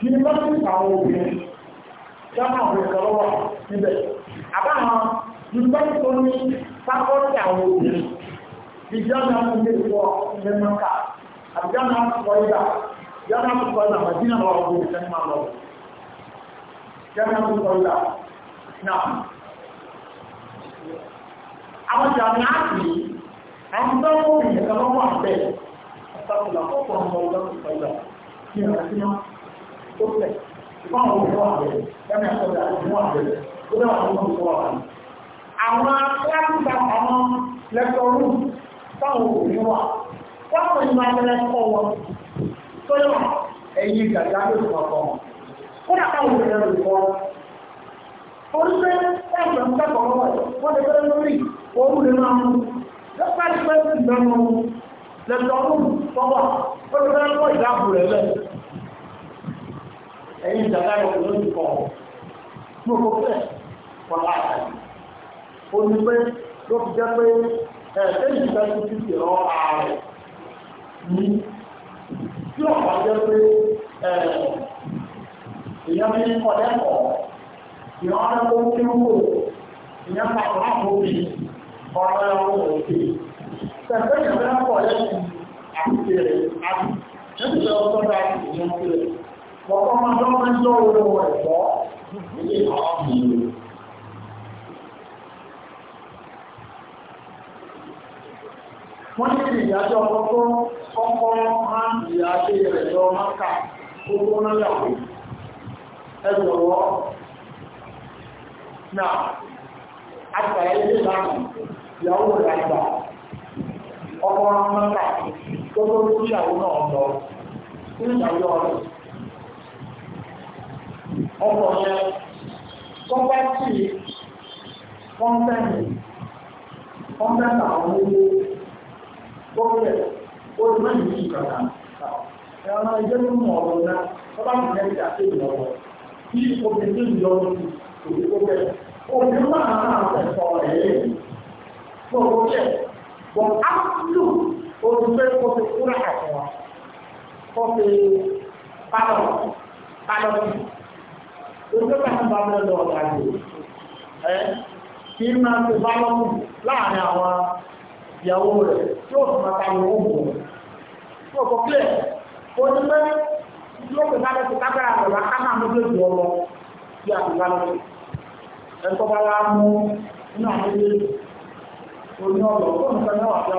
Speaker 2: kí ní bá sí àwọn obìnrin dáná àwọn ìkọlọ́wà níbẹ̀ àbáhàn ní bá sí tó ní sáfọ́ọ̀tì àwọn obìnrin ìjọba ń lè wọ ní mọ́ta àbíjáná sọ ìgbà jáná sọ ìgbà màjínà wà wọ́n ní sẹ́ni máa lọ jáná sọ ìgbà náà àwọn jàmí àti àwọn tó ń bọ̀ ìjọba wà bẹ́ẹ̀ ọ̀sán ìlà fọ́pọ̀ ọmọ ìjọba ìgbà kí ni a ti máa tó àwọn ọmọ àwọn lẹ́kọ̀ọ́rù fáwọn òbí wà fáwọn ìmọ̀ akẹ́lẹ́kọ̀ọ́ wọn tó yọ ẹ̀yìn gàdá ló fún wọn. kódà káwọn òbí rẹ̀ lò wọ́n. orí ń kẹ́kọ̀ọ́ lọ́wọ́ wọ́n ti fẹ́ lórí ẹ̀yìn ìjàkáyọ̀ lórí kọ̀ gbogbo fẹ́ wọn láàárín ó ní pé ló fi jẹ́ pé ẹ̀ẹ́dẹ́gbẹ̀rún ìgbàlódé ti fi rán ààrẹ ní tí ọ̀pá jẹ́ pé èèyàn fi ń kọ́ lẹ́kọ̀ọ́ ìran aláwọ̀ tí ó wò ìyẹn pàtó láàbò bí ọ̀rọ̀ ẹ̀rọ òkè tẹ̀sẹ̀ ìyẹn fẹ́ kọ́ lẹ́kọ̀ọ́ àti tèrè àti nítorí ọ̀sọ́dọ̀ ọ̀pọ̀ máa tó máa ń lọ owó ẹ̀fọ́ ilé àwọn ìlú. Wọ́n ní ìdájọ́ ọkọ̀ ọkọ̀ máa ń di àṣẹ rẹ̀ lọ máka tó tó náà yàwó. Ẹ jọ̀wọ́. Náà, àtàrà ilé ìlànà ìyàwó rẹ̀ àgbà ọkọ̀ máa ń máka tó tó tó yàwó náà lọ. Ní ìdájọ́ ọ̀rọ̀ ọkọ̀ yẹn tọ́pá sí kọ́ńtẹ́ǹtì kọ́ńtẹ́ǹtì àwọn owó gbọ́dọ̀ ó lè ẹ̀rọ ẹgbẹ́ ló mọ̀ ọ̀rọ̀ náà tọ́pá sí ẹ̀rí àti ìlọ́wọ́ tí obìnrin ní ìlọ́wọ́ sí òbí gbọ́dọ̀ òbí máa máa tẹ̀sọ̀ ẹ̀yẹ gbọ́dọ̀ jẹ́ bọ̀ áfílù olùgbé kó ti kúrò àtọ̀ kó ti pálọ̀ pálọ̀ sí. Oúnjẹ́ bá ń bá mẹ́ lọ ọ̀gá jù. Ẹ kí n máa ti bá lọ́mù láàrin àwọn ìyàwó rẹ̀ tí ó máa ta ìwọ̀n òun. Tí ó kọ pé ó ní pé tí ó pè bá lọ sí kágbára rẹ̀ wá ká máa mú lójú ọmọ tí a ti bá lọ sí. mú inú àwọn ilé oní ọ̀rọ̀ tó ń náà àti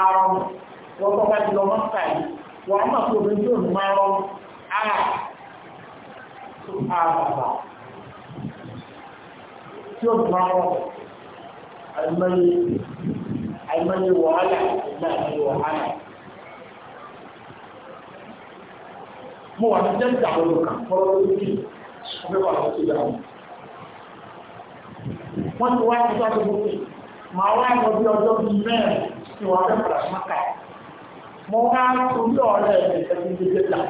Speaker 2: àwọn wọ́n kọ́ bá ti lọ mọ́ta yìí wọ́n á máa kó omi tí òun máa rọ ara tó a bàbà tí òun máa rọ àìmọye àìmọye wàhálà ìgbà àìmọye wàhálà. mo wà ní jẹ́ǹtì àwọn olùkà fọ́rọ́ lórí kí wọ́n fẹ́ wà lọ wọ́n ti wá ní sọ́dọ̀ gbogbo máa wá lọ bí ọjọ́ bíi mẹ́rin tí wọ́n fẹ́ padà mo wá torí ọ̀rẹ́ mi ẹni gbèsè ta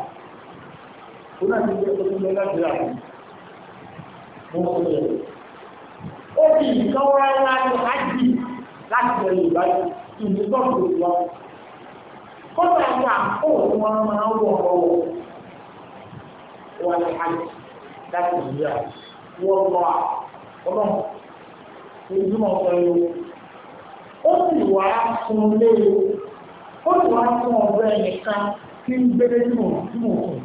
Speaker 2: ó náà ti gbé tuntun lọ láti rà mí mo sọ yẹ ó fi nǹkan wá láti ájì láti bẹ̀rẹ̀ ìbáyìí ìdúgbò tó lọ kọ́ńtà ní àpò tí wọ́n máa ń wọ̀ lọ́wọ́ wọn ní ájì láti ìyá wọ́n lọ́ fún un ó lè wá fún ọ̀rẹ́ ẹnìkan tí ń gbélé tí mò ń mò ń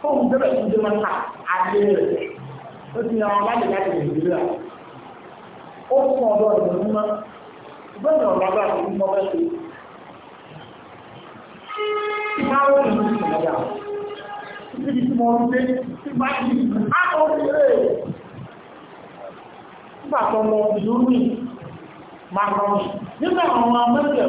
Speaker 2: fún un bẹ́ẹ̀ tó ń dé mọ́ta adé rẹ̀ ó ti yan ọba lè láti nàìjíríà ó fún ọ̀dọ́ ọ̀dọ́ ní mọ́ bẹ́ẹ̀ ni ọ̀rọ̀ bá ti mọ́ bẹ́ẹ̀ tó. Báwo ni mo ti sọ̀rọ̀ yà? Níbi tí mo ń gbé, tí bá yí, á kọ́ sí rẹ̀. Nígbà tó mọ ìlú mi, máa Nígbà àwọn amẹ́jẹ̀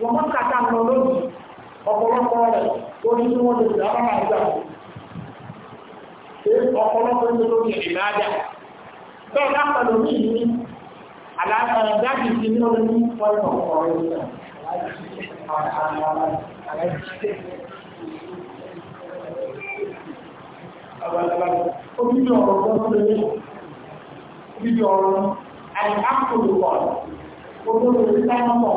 Speaker 2: wọ́n mọ́ kàtà lọ lójú ọ̀pọ̀lọpọ̀ rẹ̀ orí tí wọ́n lè dá máa gbà pé ọ̀pọ̀lọpọ̀ ní lórí ìrìnàjà bẹ́ẹ̀ bá pẹ̀lú ní ìní
Speaker 1: aláàdájì ti ní
Speaker 2: orí pọ́ìpọ̀ ọ̀rọ̀ Obíbi ọ̀rọ̀ ọ̀rọ̀ lórí, obíbi ọ̀rọ̀ àìkákòlò wọ̀, olóòrùn sáwọn mọ̀,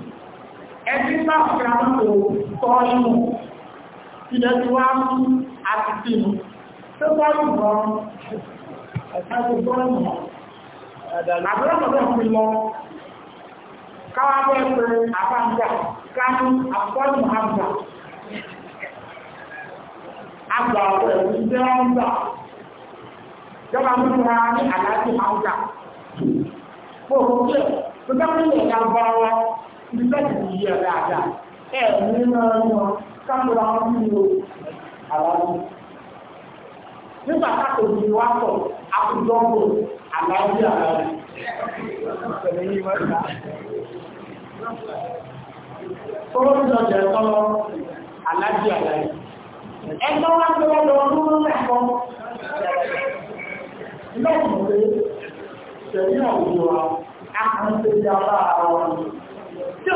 Speaker 2: ẹbí sáfíà mọ́ tọ́ inú ilẹ̀ tí wá mú àti sínú tó bá ìgbọ́n ẹ̀sẹ́gbẹ̀ gọ́ọ̀mù àbúrọ̀ mọ̀ fi lọ káwàbọ̀ ẹ̀pẹ̀ àbáńgbà kánú àpọ́lù àgbà àgbà ọ̀pẹ̀ ìjẹ́ ọ̀gbà jọba mú wa ní àlájú àgbà Gbogbo ṣe, gbogbo ṣe ìyàgbà wọn ìfẹ́sì ti yẹ dáadáa ẹ̀ ní máa ń wọn kámúra wọn bí o àlàyé nígbà káàkó ti wá sọ àkùjọ ń bò àlàyé àlàyé.
Speaker 1: Tọ́lọ́ ti lọ jẹ́ tọ́lọ́ àlàyé àlàyé.
Speaker 2: Ẹgbẹ́ wá ń gbé lọ lórí ẹ̀kọ́. Lọ́pọ̀ pé ṣẹ̀rí àwùjọ wa, a kàn ń ṣe ìjàmbá ara wa tí ń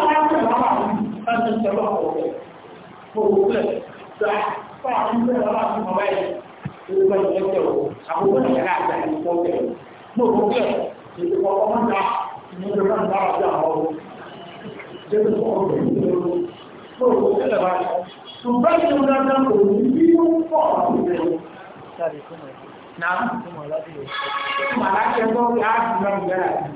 Speaker 2: sọ̀rọ̀ ọ̀rọ̀ gbogbo rẹ̀ tó a fún àwọn ìwé ọ̀rọ̀ àti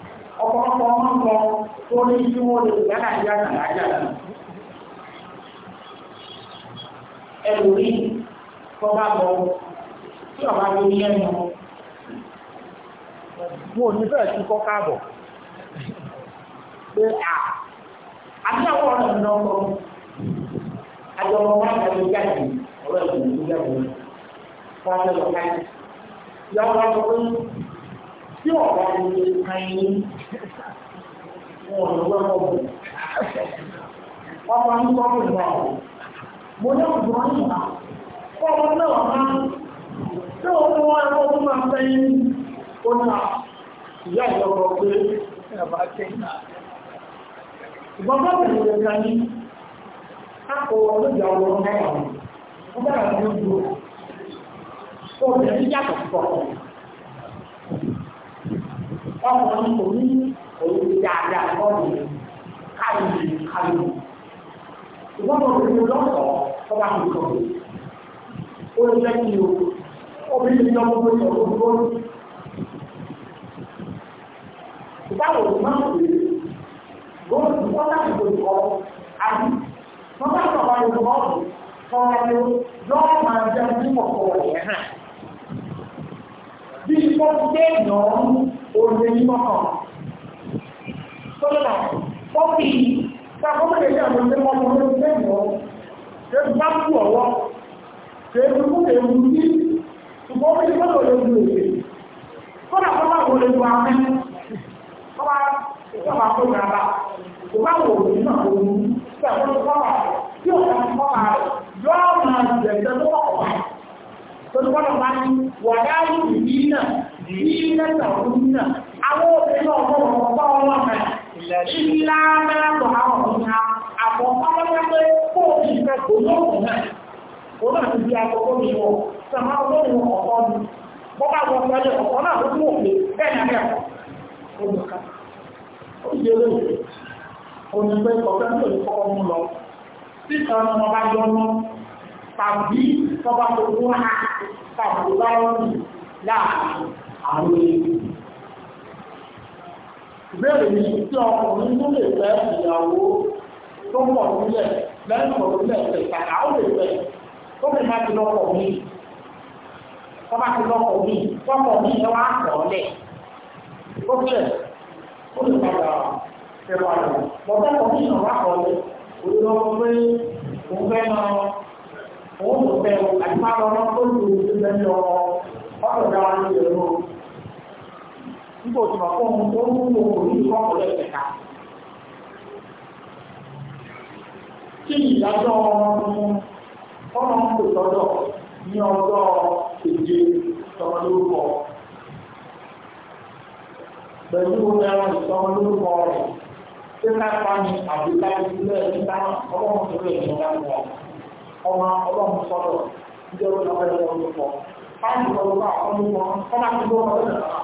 Speaker 2: ọ̀pọ̀lọpọ̀ ọmọ ń tó ní kí lè gbá àyà àyà ẹlòmí kọ́ bá lọ tí ọ̀bá tó ní ẹnu wọn ò ní bẹ́ẹ̀ tí kọ́ káàbọ̀ pé à àti àwọn ọ̀rọ̀ ìná ọkọ̀ àjọ ọmọ wọn àti jáde ọ̀rọ̀ ìgbìmọ̀ tó jáde wọn lọ káyọ̀ yọ wọn lọ pé tí ọ̀rọ̀ ilé ayín wọn ní kọ́kùn náà ní ọ̀dọ́ ọmọ náà máa tí ó tó wá ẹ̀kọ́ tó máa fẹ́ yín ó ní ìyá ìjọba pé ìgbọ́n bá bẹ̀rẹ̀ rẹ̀ ká ní àpò ọlọ́jà ọkùnrin kò ní òun ti dáadáa lọ́ọ̀dù káyìí káyìí. Ìwọ́n mọ̀ pé mo lọ́sọ̀ọ́ tó bá mi sọ̀rọ̀. Ó lè jẹ́ kí o, obìnrin mi lọ́mọ pé sọ̀rọ̀ ó Ìbáwo ni máa ń pè é? Góòlù wọ́n láti lò kọ́ àbí wọ́n bá sọ̀rọ̀ lò kọ́ ọ̀rọ̀ lọ́ọ̀ máa jẹun tí mo kọ̀ ẹ̀ hàn. Bí ìfọ́n gbé ìyàn ọ̀run òde ní mọ́kàn. Sọ́nà ó fi ṣàkóbèrè ní àwọn ilé wọn lórí tó gbà bá ọmọ mẹ́ ìlà mẹ́rọ àwọn ọ̀nà àkọ́kọ́ lọ́pẹ́ kó ìfẹ́ gbòmọ́kùn náà kó náà ti di àkọ́kọ́ mi wọ̀ sàmá olóòrùn ọ̀kọ́ mi bọ́ bá wọ pẹ́lẹ̀ ọ̀kọ́ náà ló mú òfin bẹ́ẹ̀ náà rẹ̀ olùkà ó yẹ lóye onígbẹ́ ọ̀gá tó lè kọ́kọ́ mú lọ síta ọmọ ọba yọ ọmọ tàbí tọ́ba tó mú ha tàbí bá yọ ọmọ láàárín àwọn èèyàn ìbéèrè mi tí ọkùnrin tó lè fẹ́ ìyàwó tó pọ̀ nílẹ̀ lẹ́yìn pọ̀ nílẹ̀ tẹ̀sà lè fẹ́ tó lè má ti lọ́kọ̀ mi tó má ti lọ́kọ̀ mi tọ́kọ̀ mi ẹ wá kọ̀ lẹ̀ ó lẹ̀ ó lè padà ẹ̀rọ àlọ́ lọ́kọ̀ mi ìyàn wá kọ̀ lẹ̀ òun lọ pé òun fẹ́ máa òun kò fẹ́ àti má lọ lọ́kọ̀ lù ú lẹ́yìn ọ̀rọ̀ ọ̀rọ̀ dára ní ìrọ̀ nígbà tí màá fọ́ọ̀mù tó ń mú òkú ní ìfọ́ọ̀mù Kí ìdájọ́ ọmọ ń pè ní ọjọ́ keje ìsọmọlórúkọ pẹ̀lú ẹran ìsọmọlórúkọ rẹ̀ tí ká pa ní àbíká ìpínlẹ̀ nígbà ọlọ́run tó lè nígbà wọn ọmọ ọlọ́run sọ́dọ̀ níjẹ́ ọlọ́run lọ́wọ́ ẹ̀rọ ọdún pọ̀. Fáìlì ọlọ́run àwọn ọmọ ọmọ àti ọmọ ọlọ́run náà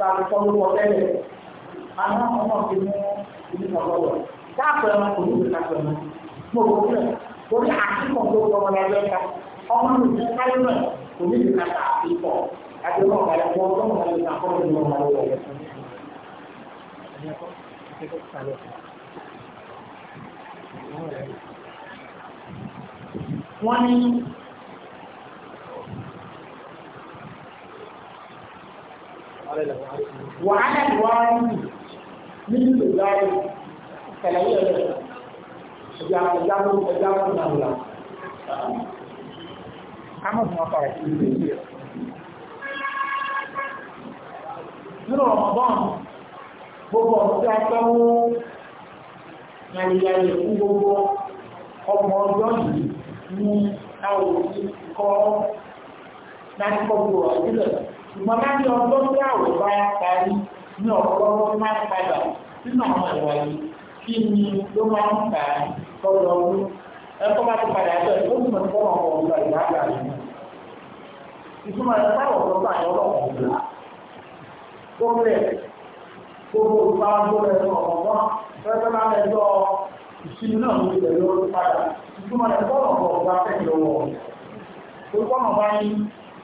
Speaker 2: tàbí sọ́lọ́wọ́ tẹ́lẹ̀ àwọn ọmọ ti mú ìlú ọ̀gọ́wọ̀ dáàbò ẹran kò ní ìlú kàtó ẹran mo kò fún ẹ torí àtìkọ̀ tó tọ́ wọn lọ́jọ́ ẹ̀ka ọmọ mi ní káyọ̀mẹ̀ kò ní ìlú kàtó àtìkọ̀ àti ọmọ ọ̀gá ẹ̀kọ́ ọmọ ọ̀gá ẹ̀kọ́ ọmọ ọ̀gá ẹ̀kọ́ ọmọ ọ̀gá ẹ̀kọ́ wọ́n ní wàhálà ìwárí nínú ìgbàlè ìtàlàyé rẹ̀ ẹ̀já ẹ̀já mú ẹ̀já mú náà wùlà. Kámọ̀ fún ọkọ̀ rẹ̀ sí ilé. Nínú ọ̀mọ̀bọ́n gbogbo ọ̀sẹ̀ akẹ́wó yàrìyàrì fún gbogbo ọmọ ọjọ́ yìí ní àwọn òṣìkọ́ kọ́ ṣùgbọ́n bá ní ọgbọ́n tí àwọ̀ bá parí ní ọ̀pọ̀lọpọ̀ máa padà sínú àwọn ìwà yìí kí ni ló máa ń fà á tọ́lọ ọdún ẹ̀kọ́ bá ti padà ẹ̀jọ́ ìlú ìmọ̀ tó wọ́n kọ̀ ọ̀gbà ìwà àgbà yìí ìtumọ̀ ẹ̀ báwọ̀ tó bá yọ ọlọ́pàá ọ̀gbà tó bẹ̀ gbogbo olùkọ́ àgbọ̀ ẹ̀ ọ̀gbọ́n fẹ́fẹ́ máa ń ẹjọ́ ìsinmi náà ló tẹ̀lé orí padà ìtumọ̀ ẹ̀ bọ́ọ̀lọ̀ ọ̀gbà fẹ́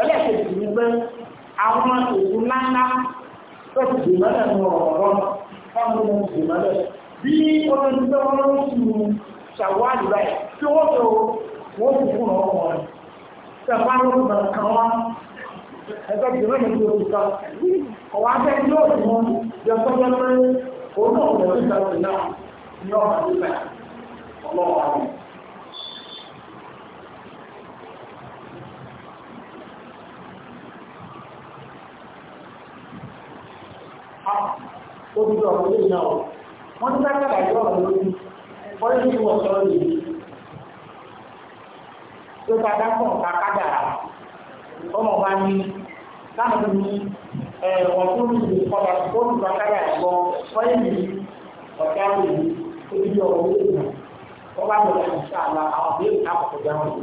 Speaker 2: ẹlẹ́ẹ̀kejì ní pé àwọn ètò ńláńlá tó ti dè mọ́lẹ̀ ní ọ̀rọ̀ ọmọ wọn dè mọ́lẹ̀ bí wọ́n ti gbé wọn lọ́wọ́ sí i ṣàwárí báyìí tí wọ́n tó wọ́n ti fún ọmọ wọn ṣàpá ló ń bọ̀ kàn wọ́n ẹgbẹ́ ìdílé mi ìgbà tó náà ó fi lọ sílé náà wọ́n ti sáká àjọ ọ̀rọ̀ lójú wọ́n ní ìwọ̀n sọ̀rọ̀ yìí tó ta dákọ̀ kàkádà ọmọ bá ní láti ní ẹ̀wọ̀n tó ní ìlú kọ́ba tó ní kàkádà ẹ̀gbọ́n wọ́n ní ọ̀tá òní ó fi lọ ọ̀rọ̀ lójú náà wọ́n bá lọ sí àlà àwọn ọ̀bí àkọ́kọ́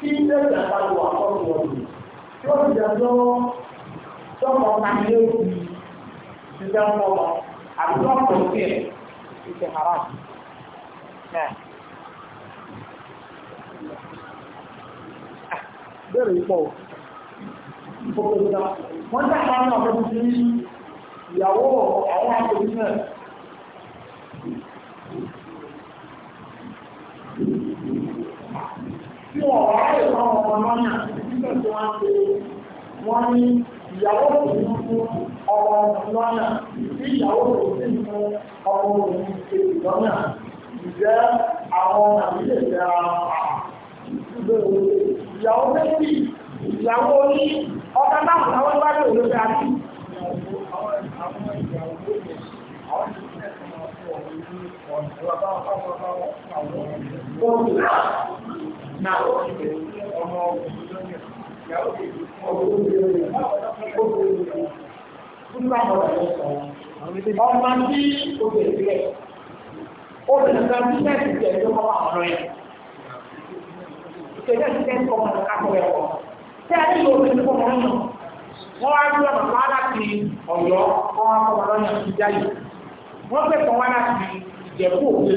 Speaker 2: kí lẹ́yìn àtàwọn àkọ́kọ́ ọ̀dùn tí ó ti dájọ́ tọ́kọ̀ kàmílẹ́ òkú ti dájọ́ wa àti tọ́kọ̀ sí ẹ̀ ìṣe haram. Bẹ́ẹ̀rẹ̀ ipò ìfọ̀kọ̀dá wọ́n dáhà náà lọ́dún sí ìyàwó àwọn àkọ́kọ́ náà tí wọ́n wá lè fún àwọn ọmọ lọ́nà nígbà tí wọ́n ṣe wọ́n ní ìyàwó òun fún ọmọ lọ́nà tí ìyàwó òun sì fún ọmọ òun ṣe lọ́nà ìjẹ́ àwọn àbílẹ̀ ìjẹ́ ìyàwó méjì ìyàwó ní ọ̀gá náà àwọn ìbájú òun ṣe àti. Thank you. Ọmọ tí obìnrin rẹ̀, obìnrin kan tí mẹ́sì jẹ́ tó kọ́ àwọn ọ̀rẹ́. Ìṣẹ̀lẹ̀ ti jẹ́ ọmọ akọ̀ ẹ̀kọ́. Tí a nílò obìnrin kọ́ ọmọ náà, wọ́n wá gbé ọmọ wá láti Ọ̀yọ́, wọ́n wá kọ́ ọmọ náà ti jáyé. Wọ́n pẹ̀kọ́ wá láti Ìjẹ̀bú òkè.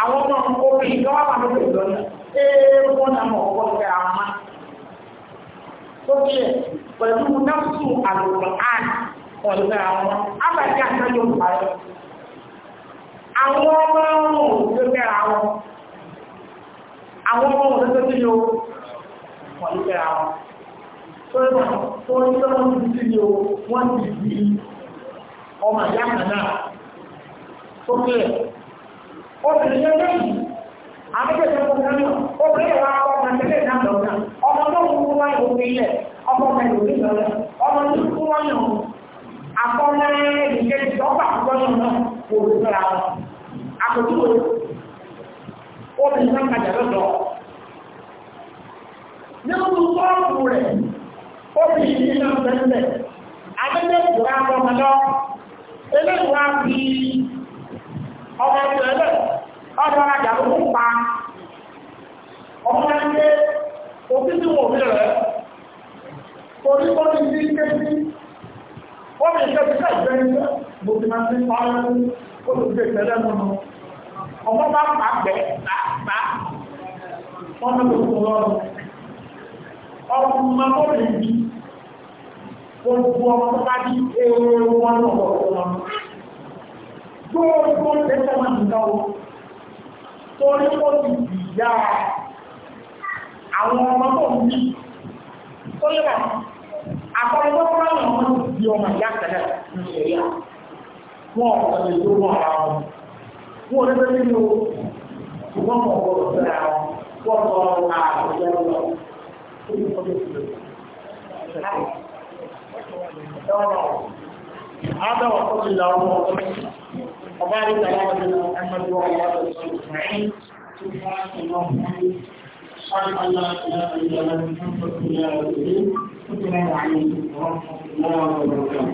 Speaker 2: Àwọn ọmọ obìnrin lọ́wọ́ wà lókè lọ́nà ewu na mọ̀ ọ̀pọ̀ fẹ́ àmà tó tiẹ̀ pẹ̀lú nọ́ọ̀sù àlùkò àn ọ̀lẹ́ àwọn abàjẹ́ àtọ́jú parẹ́ àwọn ọmọ ọmọ òṣèlú àwọn àwọn ọmọ òṣèlú tí yóò ọ̀lẹ́ àwọn tó ń sọ́nà tí yóò wọ́n ti di ọmọ ìyá kan náà tó tiẹ̀ obìnrin yẹn lẹ́yìn àbẹ́jẹ̀jẹ̀ ọkùnrin náà obìnrin wa ọkọ̀ ọ̀gbẹ̀lẹ̀ náà lọ́nà ọmọ tó ń kú wáyé òkú ilẹ̀ ọkọ̀ ọ̀gbẹ̀lẹ̀ lọ́nà ọmọ tó kú wáyé àkọọ́lẹ̀ ìjẹ́ ìjọba àkọ́lẹ̀ náà kò rí sọ́ra wọn àkójúwò obìnrin náà kàjà lọ́dọ̀ nínú sọ́ọ̀kù rẹ̀ obìnrin náà bẹ̀rẹ̀ àbẹ́jẹ̀ ìjọba àkọ́lẹ̀ eléyìí wá fi ọmọ ẹgbẹ̀rẹ̀ ọjọ́ rajà ló pa ọmọ ẹgbẹ́ òfin rẹ̀ torí ó ti di kéjì ó fi kéjì kẹgbẹ́ ẹgbẹ́ gbogbo máa ọmọ bá pa gbẹ pa wọ́n ní gbogbo lọ́rùn ọmọ gbogbo ẹgbẹ́ wọn nìkan torí ó ti dìyà àwọn ọmọ tó ń bí tó yẹ́ra àpọ̀lọpọ̀ fún ọmọ tó di ọmọ ìyá tẹ̀lẹ̀ ní ṣẹ̀yà wọn ọ̀pọ̀ lè tó wọn ara wọn wọn lè nínú ṣùgbọ́n mọ̀ ọ̀pọ̀ síra wọn sọ àgbẹ̀yẹ lọ tó ní ọdún sílẹ̀.
Speaker 1: Ada waktu di dalam
Speaker 2: waktu وبارك على نبينا محمد وعلى اله وصحبه اجمعين سبحانك اللهم وبحمدك اشهد ان لا اله الا انت استغفرك واتوب اليك السلام عليكم ورحمه الله وبركاته